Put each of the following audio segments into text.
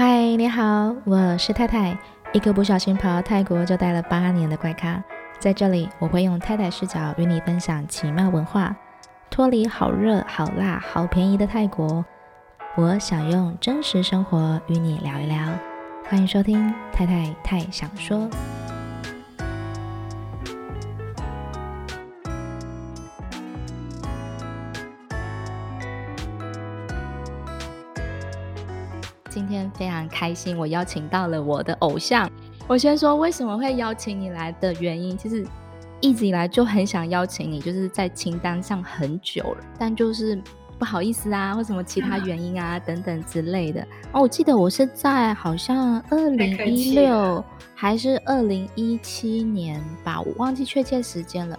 嗨，Hi, 你好，我是太太，一個不小心跑到泰國就待了八年的怪咖。在這裡，我會用太太視角與你分享奇妙文化，脫離好熱、好辣、好便宜的泰國。我想用真實生活與你聊一聊，歡迎收聽《泰太太想說》。開心！我邀請到了我的偶像。我先說為什麼會邀請你來的原因，其實一直以來就很想邀請你，就是在清單上很久了，但就是不好意思啊，或什麼其他原因啊、嗯、等等之類的。哦，我記得我是在好像二零一六還是二零一七年吧，我忘記確切時間了，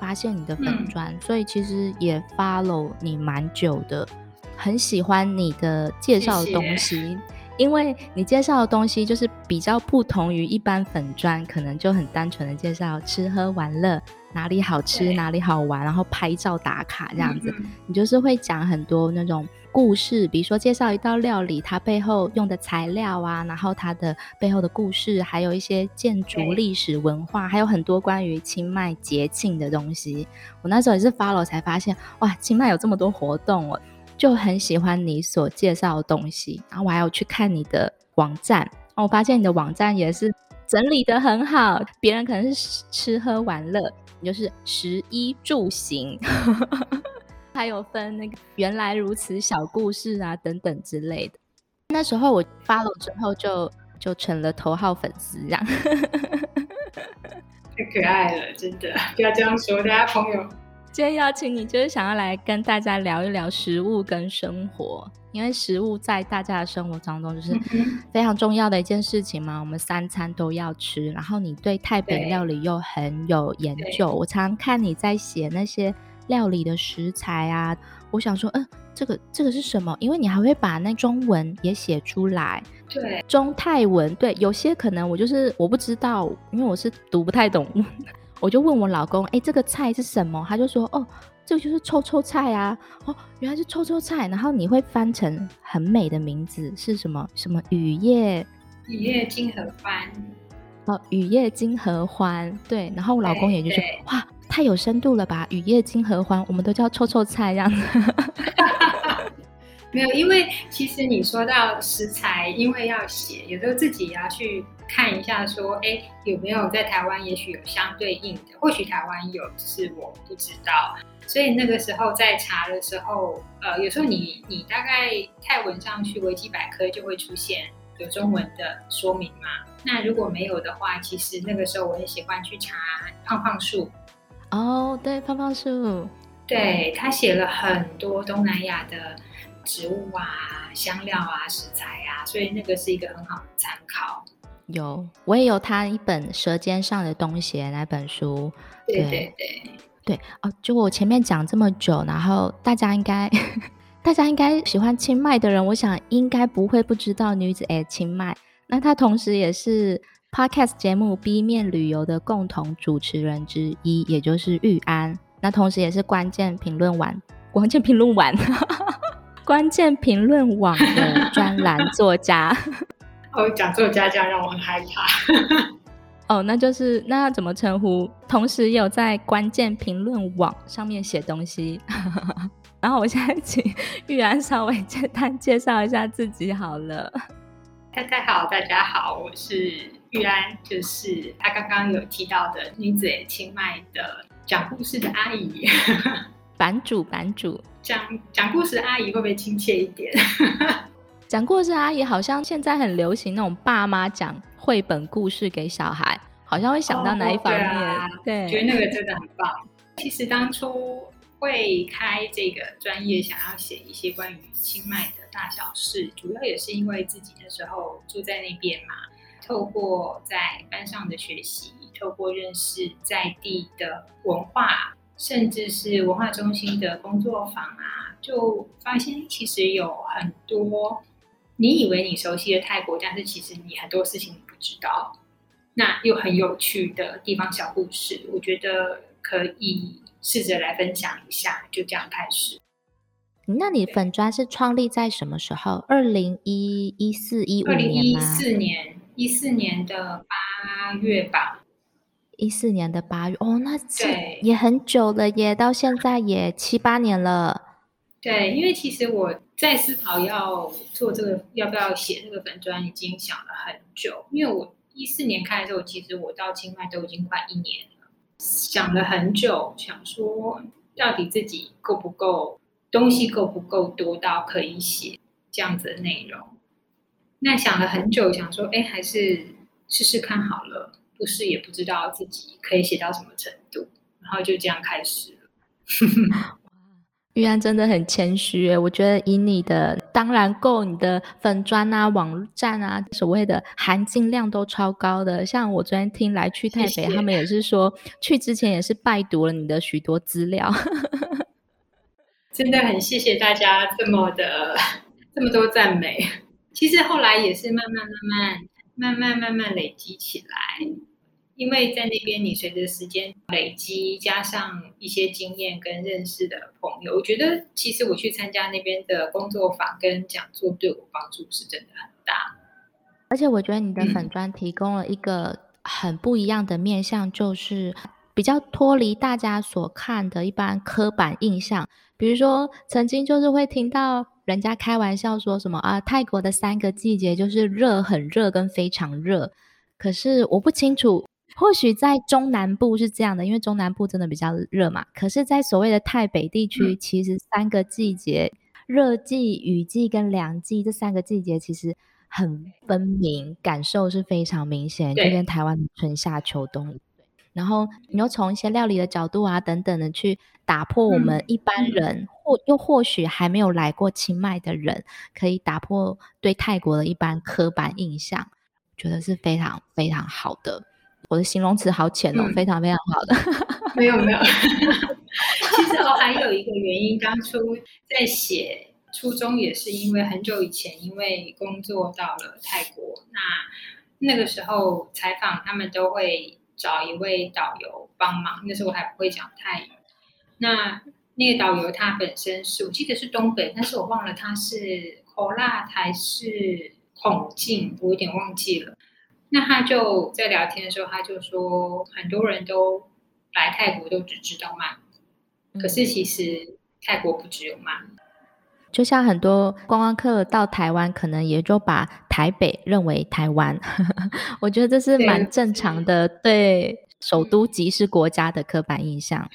發現你的粉專，嗯、所以其實也 follow 你蠻久的，很喜歡你的介紹的東西。謝謝因為你介紹的東西就是比較不同於一般粉專，可能就很單純的介紹吃喝玩樂，哪裡好吃，對哪裡好玩，然後拍照打卡這樣子。嗯、哼你就是會講很多那種故事，比如說介紹一道料理，它背後用的材料啊，然後它的背後的故事，還有一些建築、歷史、文化，對還有很多關於清邁節慶的東西。我那時候也是 follow 才發現，哇，清邁有這麼多活動哦。就很喜歡你所介紹的東西，然後我還有去看你的網站，然後我發現你的網站也是整理得很好。別人可能是吃喝玩樂，你就是食衣住行， 還有分那個原來如此小故事啊等等之類的。那時候我發了之後就，就就成了頭號粉絲，這樣 太可愛了，真的不要這樣說，大家朋友。今天邀請你，就是想要來跟大家聊一聊食物跟生活，因為食物在大家的生活當中就是非常重要的一件事情嘛。 我們三餐都要吃，然後你對泰北料理又很有研究。對我常看你在寫那些料理的食材啊，對我想說，嗯、呃，這個這個是什麼？因為你還會把那中文也寫出來，對，中泰文，對，有些可能我就是我不知道，因為我是讀不太懂。我就問我老公：“哎、欸，這個菜是什麼？”他就說：“哦，這個就是臭臭菜啊！哦，原來是臭臭菜。”然後你會翻成很美的名字是什麼？什麼雨夜？雨夜金合歡。哦，雨夜金合歡。對。然後我老公也就說哇，太有深度了吧！雨夜金合歡，我們都叫臭臭菜，這樣子。 沒有，因為其實你說到食材，因為要寫，有時候自己也要去。看一下說，說哎有沒有在台灣？也許有相對應的，或許台灣有，只是我不知道。所以那個時候在查的時候，呃，有時候你你大概泰文上去維基百科就會出現有中文的說明嘛。那如果沒有的話，其實那個時候我也喜歡去查胖胖樹。哦，oh, 對，胖胖樹，對，他寫了很多東南亞的植物啊、香料啊、食材啊，所以那個是一個很好的參考。有，我也有他一本《舌尖上的東西》，那本書？對對對，對哦。就我前面講這麼久，然後大家應該，呵呵大家應該喜歡清邁的人，我想應該不會不知道女子@清邁。那他同時也是 Podcast 節目《B 面旅遊》的共同主持人之一，也就是玉安。那同時也是關鍵評論網、關鍵評論網、 關鍵評論網的專欄作家。 哦，講座家教讓我很害怕。 哦，那就是那要怎麼稱呼？同時有在關鍵評論網上面寫東西。 然後我現在請玉安稍微簡單介紹一下自己好了。大家好，大家好，我是玉安，就是她剛剛有提到的女子清邁的講故事的阿姨。 版主，版主，講講故事的阿姨會不會親切一點？ 講故事阿姨好像現在很流行那種爸媽講繪本故事給小孩，好像會想到哪一方面？哦對，啊、對，覺得那個真的很棒。其實當初會開這個專頁，想要寫一些關於清邁的大小事，主要也是因為自己那時候住在那邊嘛。透過在班上的學習，透過認識在地的文化，甚至是文化中心的工作坊啊，就發現其實有很多。你以為你熟悉的泰國，但是其實你很多事情你不知道。那又很有趣的地方小故事，我覺得可以試着來分享一下，就這樣開始。那你粉專是創立在什麼時候？二零一一四一五年嗎？一四年，一四年的八月吧。一四年的八月，哦，那對也很久了耶，也對到現在也七八年了。對，因為其實我。在思考要做這個，要不要寫這個粉專，已經想了很久。因為我一四年開始的時候，其實我到清邁都已經快一年了，想了很久，想說到底自己夠不夠，東西夠不夠多到可以寫這樣子的內容。那想了很久，想說，哎、欸，還是試試看好了，不試也不知道自己可以寫到什麼程度，然後就這樣開始了。 居然，真的很謙虛誒，我覺得以你的，當然夠，你的粉專啊、網站啊，所謂的含金量都超高的。像我昨天聽來去泰北，謝謝他們也是說去之前也是拜讀了你的許多資料， 真的很謝謝大家這麼的這麼多讚美。其實後來也是慢慢慢慢慢慢慢慢累積起來。因為在那邊，你隨着時間累積，加上一些經驗跟認識的朋友，我覺得其實我去參加那邊的工作坊跟講座，對我幫助是真的很大。而且我覺得你的粉專提供了一個很不一樣的面向，就是比較脫離大家所看的一般刻板印象。比如說，曾經就是會聽到人家開玩笑說什麼啊，泰國的三個季節就是熱、很熱跟非常熱，可是我不清楚。或許在中南部是這樣的，因為中南部真的比較熱嘛。可是，在所謂的泰北地區，嗯、其實三個季節，熱季、雨季跟涼季這三個季節其實很分明，感受是非常明顯，就跟對台灣的春夏秋冬。然後，你又從一些料理的角度啊等等的去打破我們一般人、嗯、或又或許還沒有來過清邁的人，可以打破對泰國的一般刻板印象，我覺得是非常非常好的。我的形容詞好淺哦，嗯、非常非常好的。沒 有沒有，沒有 其實我還有一個原因，當 初在寫初衷也是因為很久以前，因為工作到了泰國，那那個時候採訪他們都會找一位導遊幫忙，那時候我還不會講泰語。那那個導遊他本身是我記得是東北，但是我忘了他是呵叻還是孔敬，我有點忘記了。那他就在聊天的時候，他就說很多人都來泰國都只知道曼谷，嗯、可是其實泰國不只有曼谷，就像很多觀光客到台灣，可能也就把台北認為台灣， 我覺得這是蠻正常的對首都即是國家的刻板印象。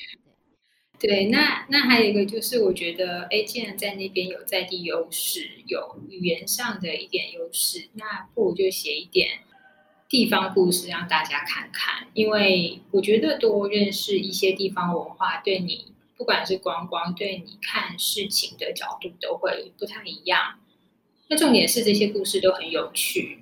對，對，那那還有一個就是，我覺得誒，既然在那邊有在地優勢，有語言上的一點優勢，那不如就寫一點。地方故事讓大家看看，因為我覺得多認識一些地方文化，對你不管是觀光、光，對你看事情的角度都會不太一樣。那重點是這些故事都很有趣，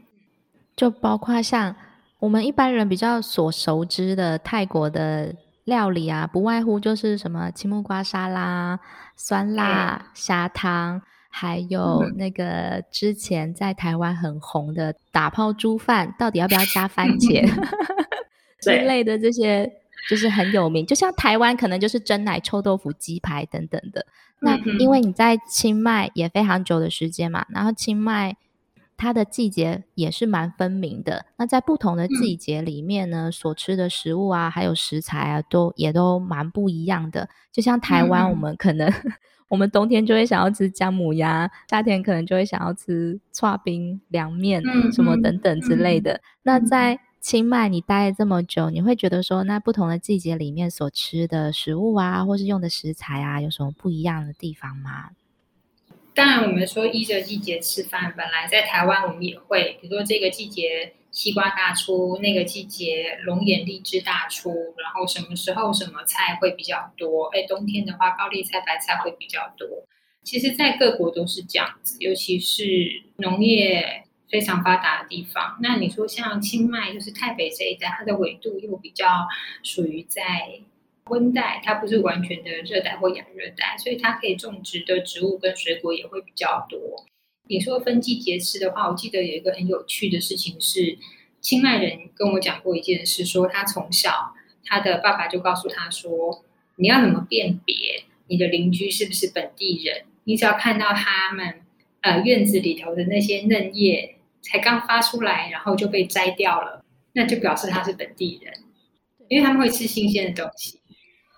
就包括像我們一般人比較所熟知的泰國的料理啊，不外乎就是什麼青木瓜沙拉、酸辣對蝦湯。還有那個之前在台灣很紅的打泡豬飯，到底要不要加番茄之、嗯、 類的這些，對就是很有名。就像台灣可能就是珍奶、臭豆腐、雞排等等的。嗯、那因為你在清邁也非常久的時間嘛，然後清邁它的季節也是蠻分明的。那在不同的季節裡面呢，嗯、所吃的食物啊，還有食材啊，都也都蠻不一樣的。就像台灣，我們可能。嗯我們冬天就會想要吃薑母鴨，夏天可能就會想要吃剉冰、涼麵什麼等等之類的。嗯嗯嗯、那在清邁你待了這麼久，你會覺得說，那不同的季節裡面所吃的食物啊，或是用的食材啊，有什麼不一樣的地方嗎？當然，但我們說依着季節吃飯，本來在台灣我們也會，比如說這個季節西瓜大出，那個季節龍眼、荔枝大出，然後什麼時候什麼菜會比較多，哎，冬天的話，高麗菜、白菜會比較多。其實，在各國都是這樣子，尤其是農業非常發達的地方。那你說像清邁，就是泰北這一帶，它的緯度又比較屬於在溫帶，它不是完全的熱帶或亞熱帶，所以它可以種植的植物跟水果也會比較多。你說分季節吃的話，我記得有一個很有趣的事情是，清邁人跟我講過一件事說，說他從小他的爸爸就告訴他說，你要怎麼辨別你的鄰居是不是本地人？你只要看到他們呃院子裡頭的那些嫩葉才剛發出來，然後就被摘掉了，那就表示他是本地人，因為他們會吃新鮮的東西。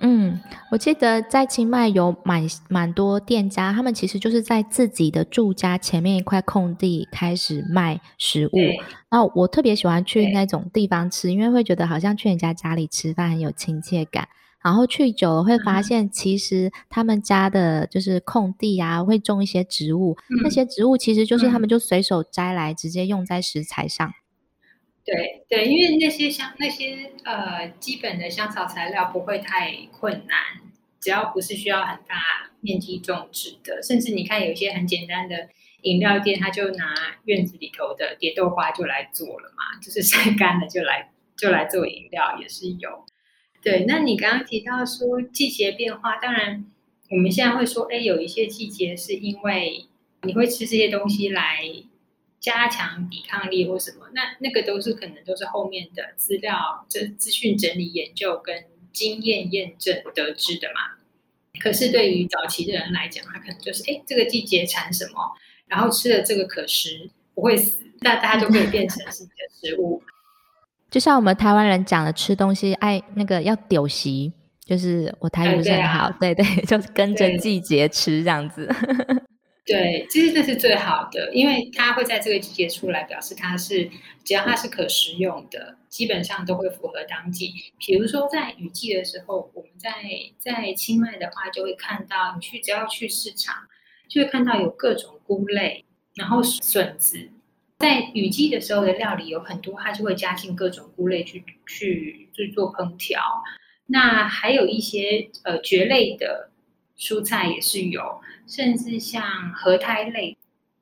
嗯，我記得在清邁有蠻蠻多店家，他們其實就是在自己的住家前面一塊空地開始賣食物。然後對我特別喜歡去那種地方吃，對因為會覺得好像去人家家裡吃飯很有親切感。然後去久了會發現，其實他們家的就是空地啊，嗯、會種一些植物，嗯、那些植物其實就是他們就隨手摘來直接用在食材上。對對，因為那些香那些呃基本的香草材料不會太困難，只要不是需要很大面積種植的，甚至你看有一些很簡單的飲料店，他就拿院子裡頭的蝶豆花就來做了嘛，就是曬乾了就來就來做飲料也是有。對，那你剛剛提到說季節變化，當然我們現在會說，哎，有一些季節是因為你會吃這些東西來。加強抵抗力或什麼，那那個都是可能都是後面的資料、資資訊整理、研究跟經驗驗證得知的嘛。可是對於早期的人來講，他可能就是，哎、欸，這個季節產什麼，然後吃了這個可食不會死，那大家就可以變成自己的食物。 就像我們台灣人講的，吃東西愛那個要丟席，就是我台語不是很好，嗯對，啊、對，對對，就是跟着季節對吃這樣子。 對，其實這是最好的，因為它會在這個季節出來，表示它是，只要它是可食用的，基本上都會符合當季。比如說在雨季的時候，我們在在清邁的話，就會看到，你去只要去市場，就會看到有各種菇類，然後筍子。在雨季的時候的料理有很多，它就會加進各種菇類去去做烹調。那還有一些呃蕨類的。蔬菜也是有，甚至像核肽類，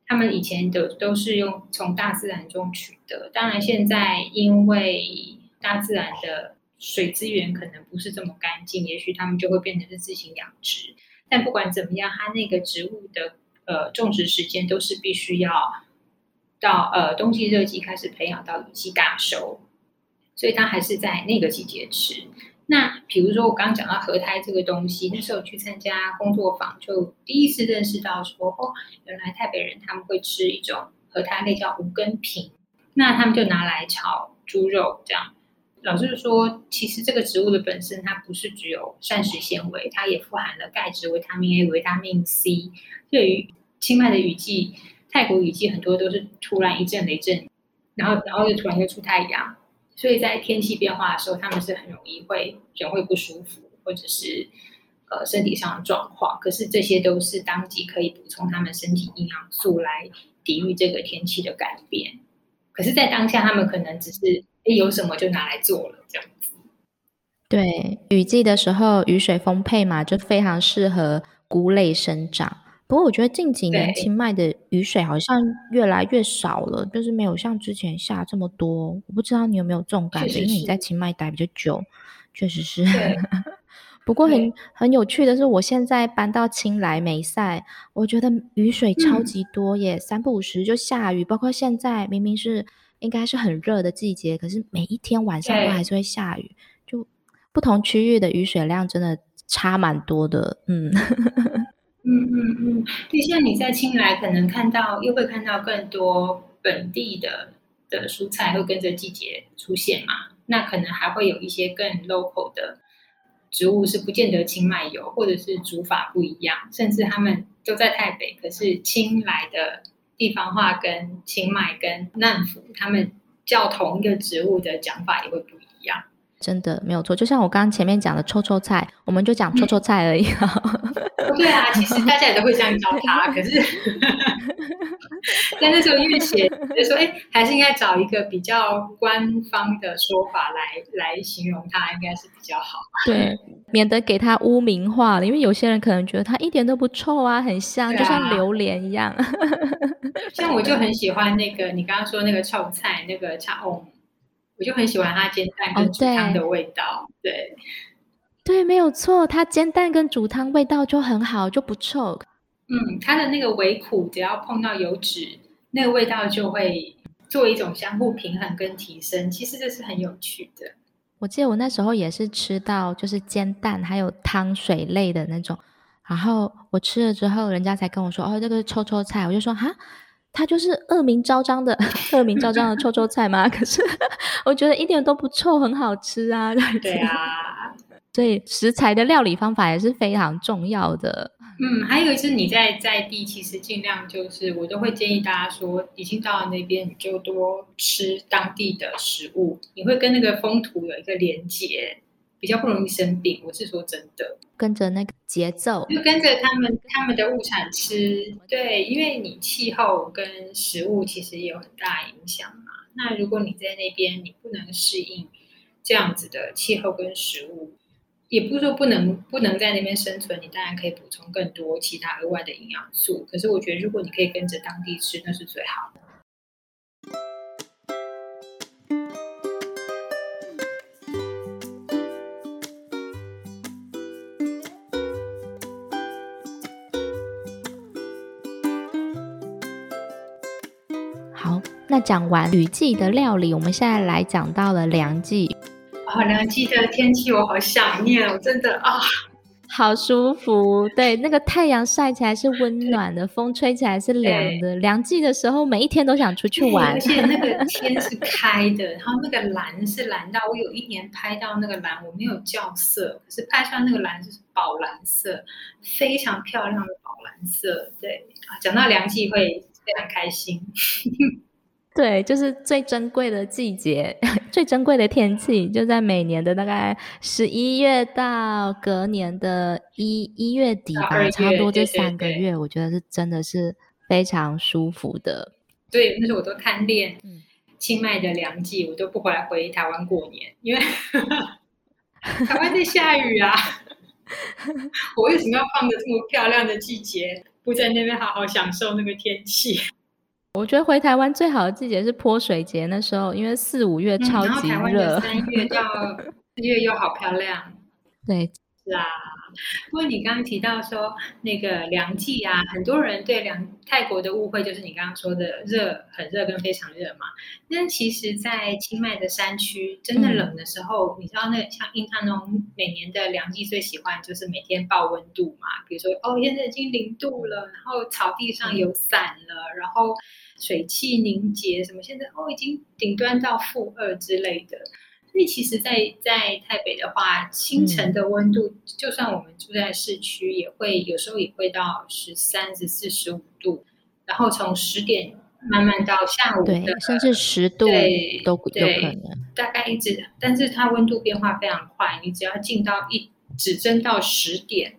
他們以前的都是用從大自然中取得。當然，現在因為大自然的水資源可能不是這麼乾淨，也許他們就會變成是自行養殖。但不管怎麼樣，它那個植物的呃種植時間都是必須要到呃冬季熱季開始培養到雨季大收，所以它還是在那個季節吃。那比如說我剛剛講到核胎這個東西，那時候去參加工作坊，就第一次認識到說，哦，原來泰北人他們會吃一種核胎，那叫無根萍，那他們就拿來炒豬肉這樣。老師說，其實這個植物的本身它不是只有膳食纖維，它也富含了鈣質、維他命 A、維他命 C。對於清邁的雨季，泰國雨季很多都是突然一陣雷陣雨，然後然後又突然又出太陽。所以在天氣變化的時候，他們是很容易會人會不舒服，或者是呃身體上的狀況。可是這些都是當季可以補充他們身體營養素來抵禦這個天氣的改變。可是，在當下他們可能只是欸有什麼就拿來做了這樣子。對，雨季的時候，雨水豐沛嘛，就非常適合菇類生長。不過我覺得近幾年清邁的雨水好像越來越少了，對就是沒有像之前下這麼多。我不知道你有沒有這種感覺，是是是因為你在清邁待比較久，確實是。對 不過很對很有趣的是，我現在搬到清萊梅賽，我覺得雨水超級多耶，嗯、三不五時就下雨。包括現在明明是應該是很熱的季節，可是每一天晚上都還是會下雨。對就不同區域的雨水量真的差蠻多的。嗯。 嗯嗯嗯，對，像你在清萊，可能看到，又會看到更多本地的的蔬菜會跟着季節出現嘛，那可能還會有一些更 local 的植物是不見得清邁有，或者是煮法不一樣，甚至他們都在泰北，可是清萊的地方話跟清邁跟南府，他們叫同一個植物的講法也會不一樣。真的沒有錯，就像我剛剛前面講的臭臭菜，我們就講臭臭菜而已。嗯、 對啊，其實大家也都會這樣叫它， 可是 但那時候因為寫就是說，哎、欸，還是應該找一個比較官方的說法來來形容它，應該是比較好。對， 免得給它污名化了，因為有些人可能覺得它一點都不臭啊，很香，啊、就像榴蓮一樣。 像我就很喜歡那個你剛剛說那個臭菜，那個茶 o、哦我就很喜歡它煎蛋跟煮湯的味道，oh, 對，啊、對，對，沒有錯，它煎蛋跟煮湯味道就很好，就不臭。嗯，它的那個微苦，只要碰到油脂，那個味道就會做一種相互平衡跟提升。其實這是很有趣的。我記得我那時候也是吃到就是煎蛋還有湯水類的那種，然後我吃了之後，人家才跟我說：“哦，這個是臭臭菜。”我就說：“哈。”它就是惡名昭彰的、惡名昭彰的臭臭菜嘛？ 可是我覺得一點都不臭，很好吃啊！對啊，所以食材的料理方法也是非常重要的。嗯，還有就是你在在地，其實盡量就是我都會建議大家說，已經到了那邊，你就多吃當地的食物，你會跟那個風土有一個連結。比較不容易生病，我是說真的。跟着那個節奏，就跟着他們他們的物產吃。對，因為你氣候跟食物其實也有很大影響嘛。那如果你在那邊你不能適應這樣子的氣候跟食物，也不是說不能不能在那邊生存，你當然可以補充更多其他額外的營養素。可是我覺得如果你可以跟着當地吃，那是最好的。好，那講完雨季的料理，我們現在來講到了涼季。好、哦、涼季的天氣我好想念、哦，我真的啊，哦、好舒服。對，那個太陽曬起來是溫暖的，對風吹起來是涼的。對涼季的時候，每一天都想出去玩。而且那個天是開的， 然後那個藍是藍到我有一年拍到那個藍，我沒有校色，可是拍出來那個藍就是寶藍色，非常漂亮的寶藍色。對啊，講到涼季會。嗯非常開心， 對，就是最珍貴的季節，最珍貴的天氣，就在每年的大概十一月到隔年的一一月底吧，到二月，差不多這三個月，對對對，我覺得是真的是非常舒服的。對，那時候我都貪戀清邁的涼季，嗯、我都不回來回台灣過年，因為 台灣在下雨啊， 我為什麼要放著這麼漂亮的季節？不在那邊好好享受那個天氣。我覺得回台灣最好的季節是潑水節，那時候因為四五月超級熱。嗯，然後台灣的三月到四月又好漂亮。 對，是啊。不過你剛剛提到說那個涼季啊，很多人對涼泰國的誤會就是你剛剛說的熱很熱跟非常熱嘛。但其實，在清邁的山區，真的冷的時候，嗯、你知道那像茵他儂每年的涼季最喜歡就是每天報溫度嘛。比如說哦，現在已經零度了，然後草地上有霜了，然後水汽凝結什麼，現在哦已經頂端到負二之類的。因為其實在，在在泰北的話，清晨的溫度，嗯、就算我們住在市區，也會有時候也會到十三、十四、十五度，然後從十點慢慢到下午的，對甚至十度對都有可能對。大概一直，但是它溫度變化非常快。你只要進到一，只蒸到十點，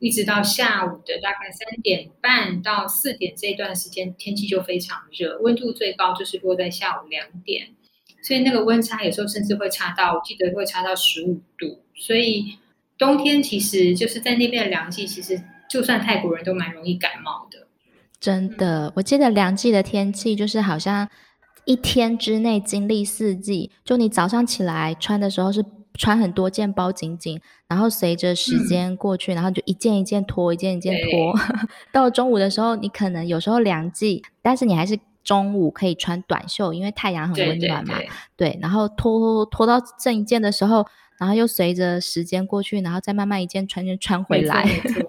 一直到下午的大概三點半到四點這段時間，天氣就非常熱，溫度最高就是落在下午兩點。所以那個溫差有時候甚至會差到，我記得會差到十五度。所以冬天其實就是在那邊的涼季，其實就算泰國人都蠻容易感冒的。真的，嗯、我記得涼季的天氣就是好像一天之內經歷四季，就你早上起來穿的時候是穿很多件包緊緊，然後隨着時間過去，嗯、然後就一件一件脫，一件一件脫。對 到了中午的時候，你可能有時候涼季，但是你還是。中午可以穿短袖，因為太陽很溫暖嘛。對，對，對，對，然後脫脫到正一件的時候，然後又隨着時間過去，然後再慢慢一件穿就穿回來。沒錯，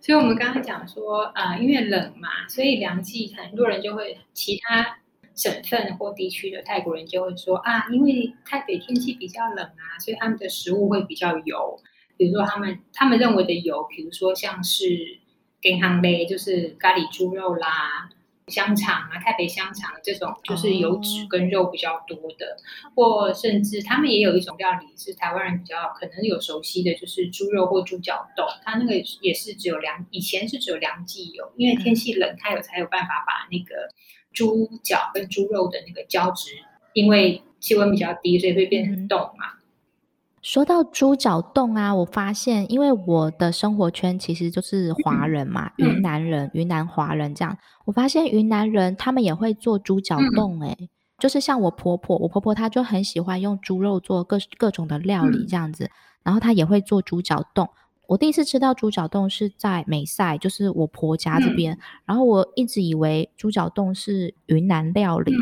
所以我們剛剛講說，呃，因為冷嘛，所以涼季很多人就會其他省份或地區的泰國人就會說啊，因為泰北天氣比較冷啊，所以他們的食物會比較油，比如說他們他們認為的油，比如說像是咖喱杯就是咖喱豬肉啦。香腸啊，泰北香腸這種就是油脂跟肉比較多的，oh. 或甚至他們也有一種料理是台灣人比較可能有熟悉的，就是豬肉或豬腳凍。它那個也是只有涼，以前是只有涼季有，因為天氣冷，它有才有辦法把那個豬腳跟豬肉的那個膠質，因為氣溫比較低，所以會變成凍嘛。說到豬腳凍啊，我發現，因為我的生活圈其實就是華人嘛，雲南人、雲南華人這樣，我發現雲南人他們也會做豬腳凍，誒，就是像我婆婆，我婆婆她就很喜歡用豬肉做各各種的料理這樣子，然後她也會做豬腳凍。我第一次吃到豬腳凍是在美塞，就是我婆家這邊，然後我一直以為豬腳凍是雲南料理。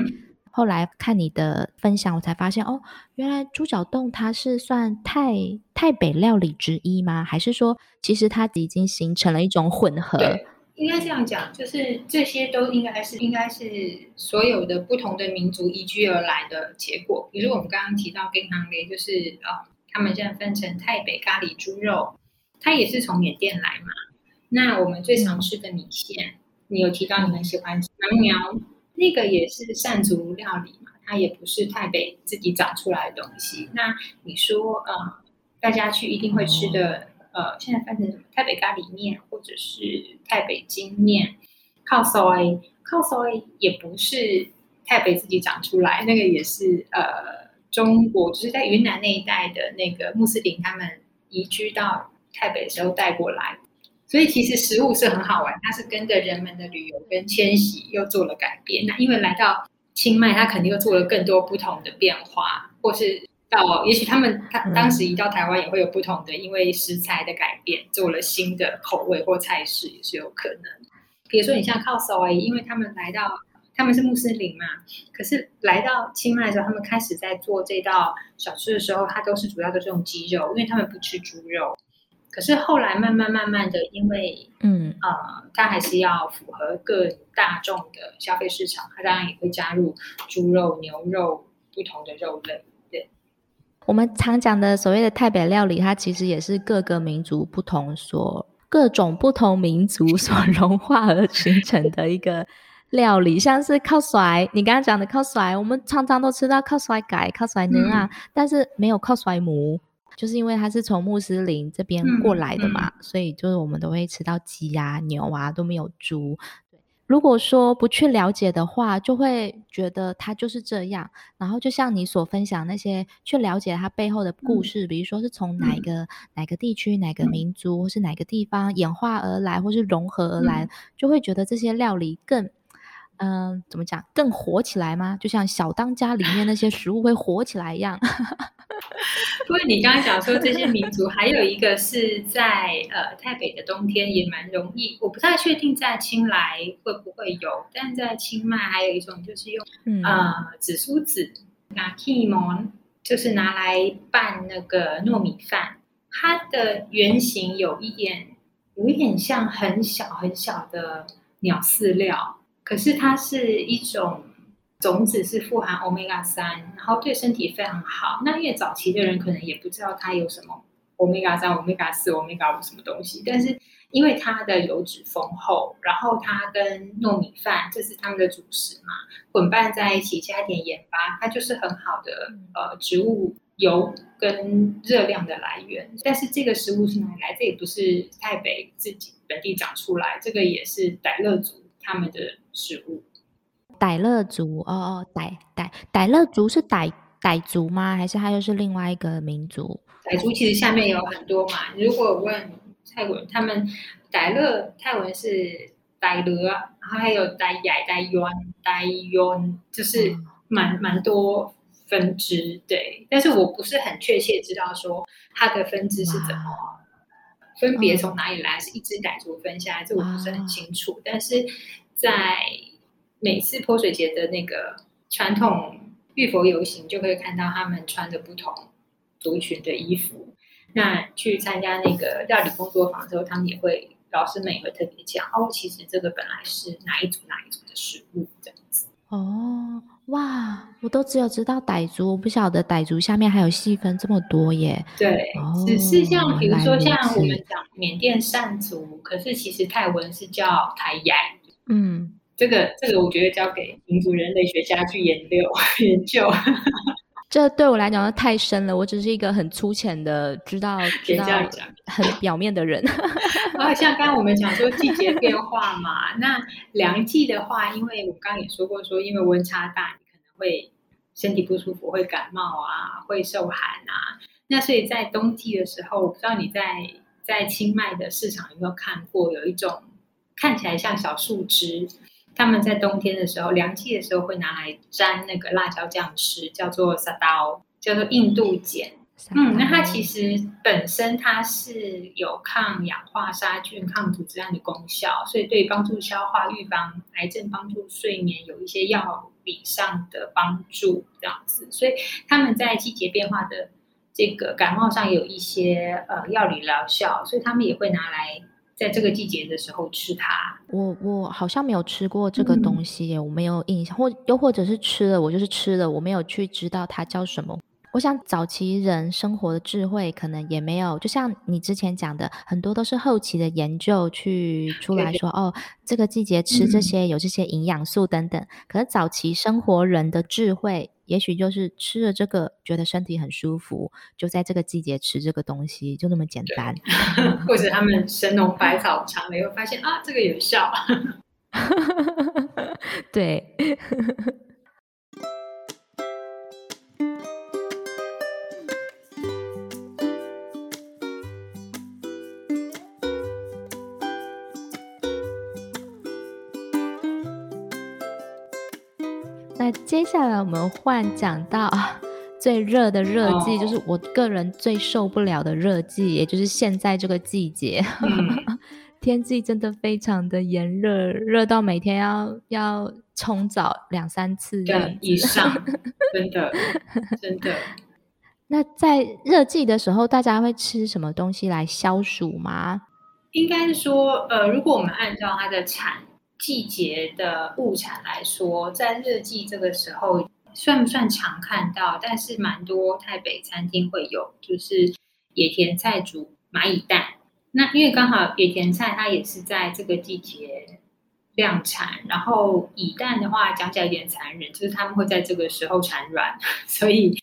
後來看你的分享，我才發現哦，原來豬腳凍它是算泰泰北料理之一嗎？還是說其實它已經形成了一種混合？應該這樣講，就是這些都應該是應該是所有的不同的民族移居而來的結果。嗯、比如我們剛剛提到冰糖蓮，就是、呃、他們現在分成泰北咖喱豬肉，它也是從緬甸來嘛。那我們最常吃的米線，你有提到你很喜歡南苗。嗯那個也是撣族料理嘛，它也不是泰北自己長出來的東西。那你說，呃，大家去一定會吃的，哦、呃，現在翻成泰北咖喱麵或者是泰北金麵，靠燒，靠燒也不是泰北自己長出來，那個也是呃，中國就是在雲南那一帶的那個穆斯林他們移居到泰北的時候帶過來。所以其實食物是很好玩，它是跟着人們的旅遊跟遷徙又做了改變。那因為來到清邁，它肯定又做了更多不同的變化，或是到也許他們他當時移到台灣也會有不同的，因為食材的改變，做了新的口味或菜式也是有可能。比如說你像 Khao Soi，因為他們來到他們是穆斯林嘛，可是來到清邁的時候，他們開始在做這道小吃的時候，它都是主要的這種雞肉，因為他們不吃豬肉。可是後來慢慢慢慢的，因為嗯啊，它、呃、還是要符合各大眾的消費市場，它當然也會加入豬肉、牛肉不同的肉類。對我們常講的所謂的泰北料理，它其實也是各個民族不同所各種不同民族所融化而形成的一個料理， 像是靠甩，你剛剛講的靠甩，我們常常都吃到靠甩改、靠甩能啊，嗯、但是沒有靠甩饃。就是因為他是從穆斯林這邊過來的嘛，嗯嗯、所以就是我們都會吃到雞啊、牛啊，都沒有豬。對。如果說不去了解的話，就會覺得它就是這樣。然後就像你所分享那些，去了解它背後的故事，嗯、比如說是從哪個、嗯、哪個地區、哪個民族、嗯、或是哪個地方演化而來，或是融合而來，嗯、就會覺得這些料理更。嗯、呃，怎麼講更活起來嗎？就像《小當家》裡面那些食物會活起來一樣。因為 你剛剛講說這些民族還有一個是在呃泰北的冬天也蠻容易，我不太確定在清萊會不會有，但在清邁還有一種就是用，嗯、呃紫蘇籽拿 keymon，就是拿來拌那個糯米飯，它的原型有一點有一點像很小很小的鳥飼料。可是它是一種種子，是富含 Omega 三，然後對身體非常好。那越早期的人可能也不知道它有什麼 Omega 三、Omega 四、Omega 五什麼東西，但是因為它的油脂豐厚，然後它跟糯米飯，這是他們的主食嘛，混拌在一起，加一點鹽巴，它就是很好的呃植物油跟熱量的來源。但是這個食物是哪來的？這也不是泰北自己本地長出來，這個也是傣樂族他們的。食物。傣樂族哦，傣傣傣樂族是傣傣族嗎？還是他又是另外一個民族？傣族其實下面有很多嘛。如果問泰文，他們傣樂泰文是傣樂，然後還有傣雅、傣元、傣元，就是蠻蠻、嗯、多分支。對，但是我不是很確切知道說他的分支是怎麼分別從哪裡來，是一支傣族分下來，嗯、這我不是很清楚。嗯、但是。在每次潑水節的那個傳統浴佛遊行，就會看到他們穿着不同族群的衣服。那去參加那個料理工作坊之後，他們也會老師們也會特別講哦，其實這個本來是哪一族哪一族的食物這樣子。哦，哇，我都只有知道傣族，我不曉得傣族下面還有細分這麼多耶。對，哦、只是像比如說像我們講緬甸撣族，可是其實泰文是叫泰雅。嗯，這個這個我覺得交給民族人類學家去研究研究。 這對我來講太深了，我只是一個很粗淺的知道知道很表面的人。我 好、 哦、像剛剛我們講說季節變化嘛， 那涼季的話，因為我剛剛也說過說，因為溫差大，你可能會身體不舒服，會感冒啊，會受寒啊。那所以在冬季的時候，我不知道你在在清邁的市場有沒有看過有一種。看起來像小樹枝，他們在冬天的時候，涼季的時候會拿來蘸那個辣椒醬吃，叫做薩刀，叫做印度鹼。嗯，那它其實本身它是有抗氧化、殺菌、抗毒這樣的功效，所以對幫助消化、預防癌症、幫助睡眠有一些藥理上的幫助。這樣子，所以他們在季節變化的這個感冒上有一些呃藥理療效，所以他們也會拿來。在這個季節的時候吃它，我我好像沒有吃過這個東西耶，嗯、我沒有印象，或又或者是吃了，我就是吃了，我沒有去知道它叫什麼。我想早期人生活的智慧可能也沒有，就像你之前講的，很多都是後期的研究去出來說，對對，哦，這個季節吃這些有這些營養素等等。嗯、可是早期生活人的智慧。也許就是吃了這個，覺得身體很舒服，就在這個季節吃這個東西，就那麼簡單。或者他們神農百草嘗，沒有 發現啊，這個有效。 對。 接下來我們換講到最熱的熱季，oh. 就是我個人最受不了的熱季，也就是現在這個季節。Mm hmm. 天氣真的非常的炎熱，熱到每天要要沖澡兩三次這樣以上。真的，真的。 那在熱季的時候，大家會吃什麼東西來消暑嗎？應該是說，呃，如果我們按照它的產。季節的物產來說，在熱季這個時候算不算常看到？但是蠻多泰北餐廳會有，就是野甜菜煮螞蟻蛋。那因為剛好野甜菜它也是在這個季節量產，然後蟻蛋的話講起來有點殘忍，就是他們會在這個時候產卵，所以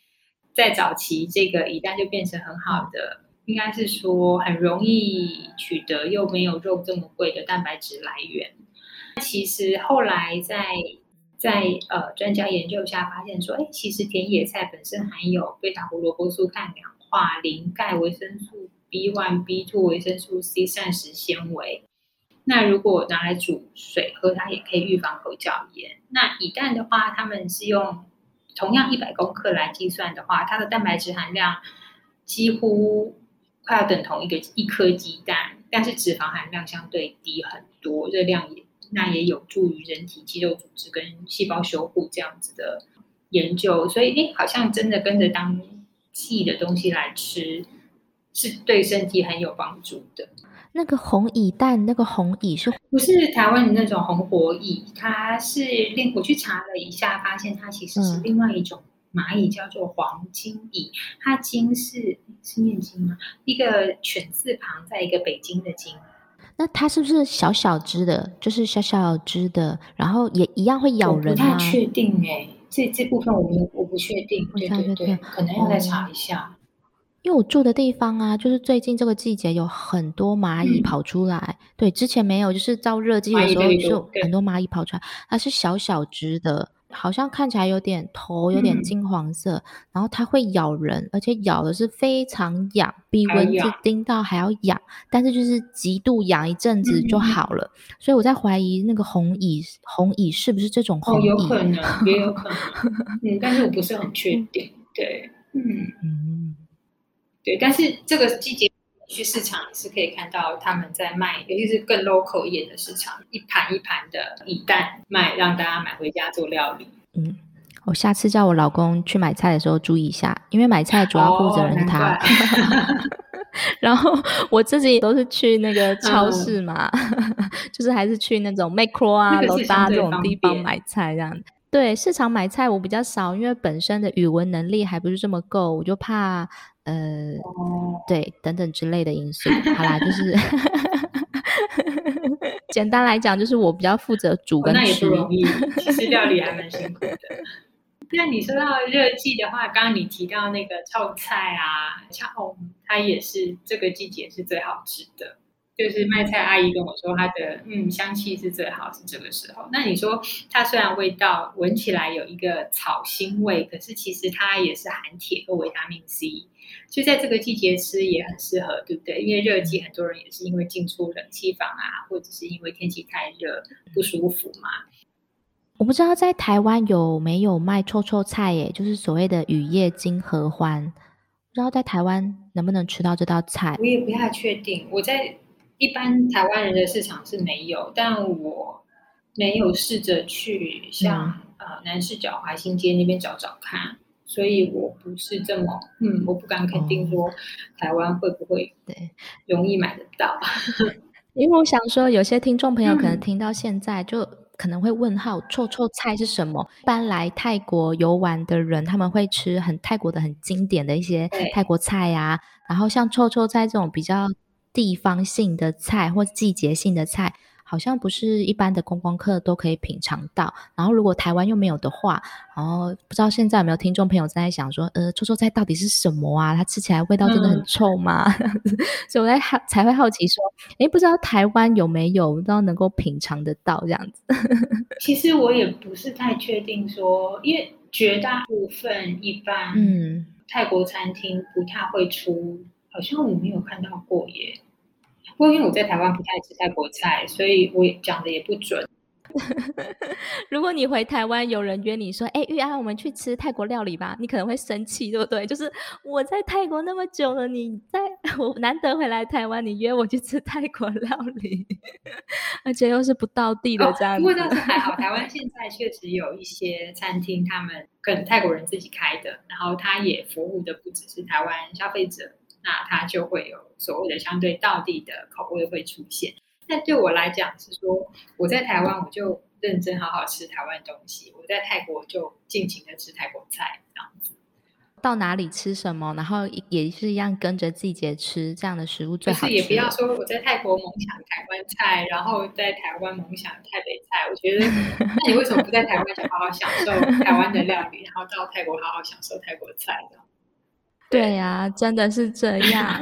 在早期這個蟻蛋就變成很好的，應該是說很容易取得又沒有肉這麼貴的蛋白質來源。其實後來在在呃專家研究下發現說，哎、欸，其實田野菜本身含有貝塔胡蘿蔔素、抗氧化、磷、鈣、維生素 B1、B2、維生素 C、膳食纖維。那如果拿來煮水喝，它也可以預防口角炎。那雞蛋的話，他們是用同樣一百公克來計算的話，它的蛋白質含量幾乎快要等同一個一顆雞蛋，但是脂肪含量相對低很多，熱量也。那也有助於人體肌肉組織跟細胞修復這樣子的研究，所以，哎，好像真的跟着當季的東西來吃，是對身體很有幫助的。那個紅蟻蛋，那個紅蟻是不是台灣的那種紅火蟻？它是另我去查了一下，發現它其實是另外一種螞蟻，叫做黃猄蟻。它“猄”是是念“京”嗎？一個犬字旁，在一個北京的“京那它是不是小小只的？就是小小只的，然後也一樣會咬人、啊。我不太確定哎、欸，這這部分我們我不確定，對對對，對對可能要再查一下、哦。因為我住的地方啊，就是最近這個季節有很多螞蟻跑出來。嗯、對，之前沒有，就是燥熱季的時候的也是有很多螞蟻跑出來。對它是小小只的。好像看起來有點頭有點金黃色，嗯、然後它會咬人，而且咬的是非常癢，比蚊子叮到還要癢，癢但是就是極度癢，一陣子就好了。嗯嗯，所以我在懷疑那個紅蟻，紅蟻是不是這種紅蟻？也、哦、有可能，也有可能。 嗯，但是我不是很確定。嗯、對，嗯，對，但是這個季節。去市場也是可以看到他們在賣，尤其是更 local 一點的市場，一盤一盤的一蛋賣，讓大家買回家做料理。嗯，我下次叫我老公去買菜的時候注意一下，因為買菜主要負責人是他。哦、 然後我自己都是去那個超市嘛，嗯、 就是還是去那種 Macro 啊、樓搭這種地方買菜這樣。對市場買菜我比較少，因為本身的語文能力還不是這麼夠，我就怕呃，哦、對等等之類的因素。好啦，就是 簡單來講，就是我比較負責煮，那也不容易，哦。其實料理還蠻辛苦的。那 你說到熱季的話，剛剛你提到那個臭菜啊，臭它也是這個季節是最好吃的。就是賣菜阿姨跟我說他，它的嗯香氣是最好是這個時候。那你說它雖然味道聞起來有一個草腥味，可是其實它也是含鐵和維他命 C，就在這個季節吃也很適合，對不對？因為熱季很多人也是因為進出冷氣房啊，或者是因為天氣太熱不舒服嘛。我不知道在台灣有沒有賣臭臭菜、欸，耶，就是所謂的羽葉金合歡，不知道在台灣能不能吃到這道菜，我也不太確定。我在。一般台灣人的市場是沒有，但我沒有試着去像、嗯、呃南勢角、華新街那邊找找看，所以我不是這麼嗯，我不敢肯定說台灣會不會對容易買得到。嗯嗯、因為我想說，有些聽眾朋友可能聽到現在就可能會問號：嗯、臭臭菜是什麼？一般來泰國遊玩的人，他們會吃很泰國的很經典的一些泰國菜呀、啊，對然後像臭臭菜這種比較。地方性的菜或季節性的菜，好像不是一般的觀光客都可以品嘗到。然後，如果台灣又沒有的話，然後不知道現在有沒有聽眾朋友正在想說，呃，臭臭菜到底是什麼啊？它吃起來味道真的很臭嗎？嗯、 所以我在，我好才會好奇說，誒，不知道台灣有沒有，不知道能夠品嘗得到這樣子。 其實我也不是太確定說，因為絕大部分一般嗯，泰國餐廳不太會出。好像我沒有看到過耶，不過因為我在台灣不太吃泰國菜，所以我講的也不準。 如果你回台灣，有人約你說：“哎、欸，玉安，我們去吃泰國料理吧。”你可能會生氣，對不對？就是我在泰國那麼久了，你在我難得回來台灣，你約我去吃泰國料理， 而且又是不道地的這樣子。不過倒是還好， 台灣現在確實有一些餐廳，他們可能泰國人自己開的，然後他也服務的不只是台灣消費者。那它就會有所謂的相對道地的口味會出現。那對我來講是說，我在台灣我就認真好好吃台灣東西，我在泰國就盡情的吃泰國菜這樣子。到哪裡吃什麼，然後也是一樣跟着季節吃這樣的食物最好。是也不要說我在泰國猛想台灣菜，然後在台灣猛想泰北菜。我覺得，那你為什麼不在台灣就好好享受台灣的料理， 然後到泰國好好享受泰國菜呢？對呀、啊，真的是這樣。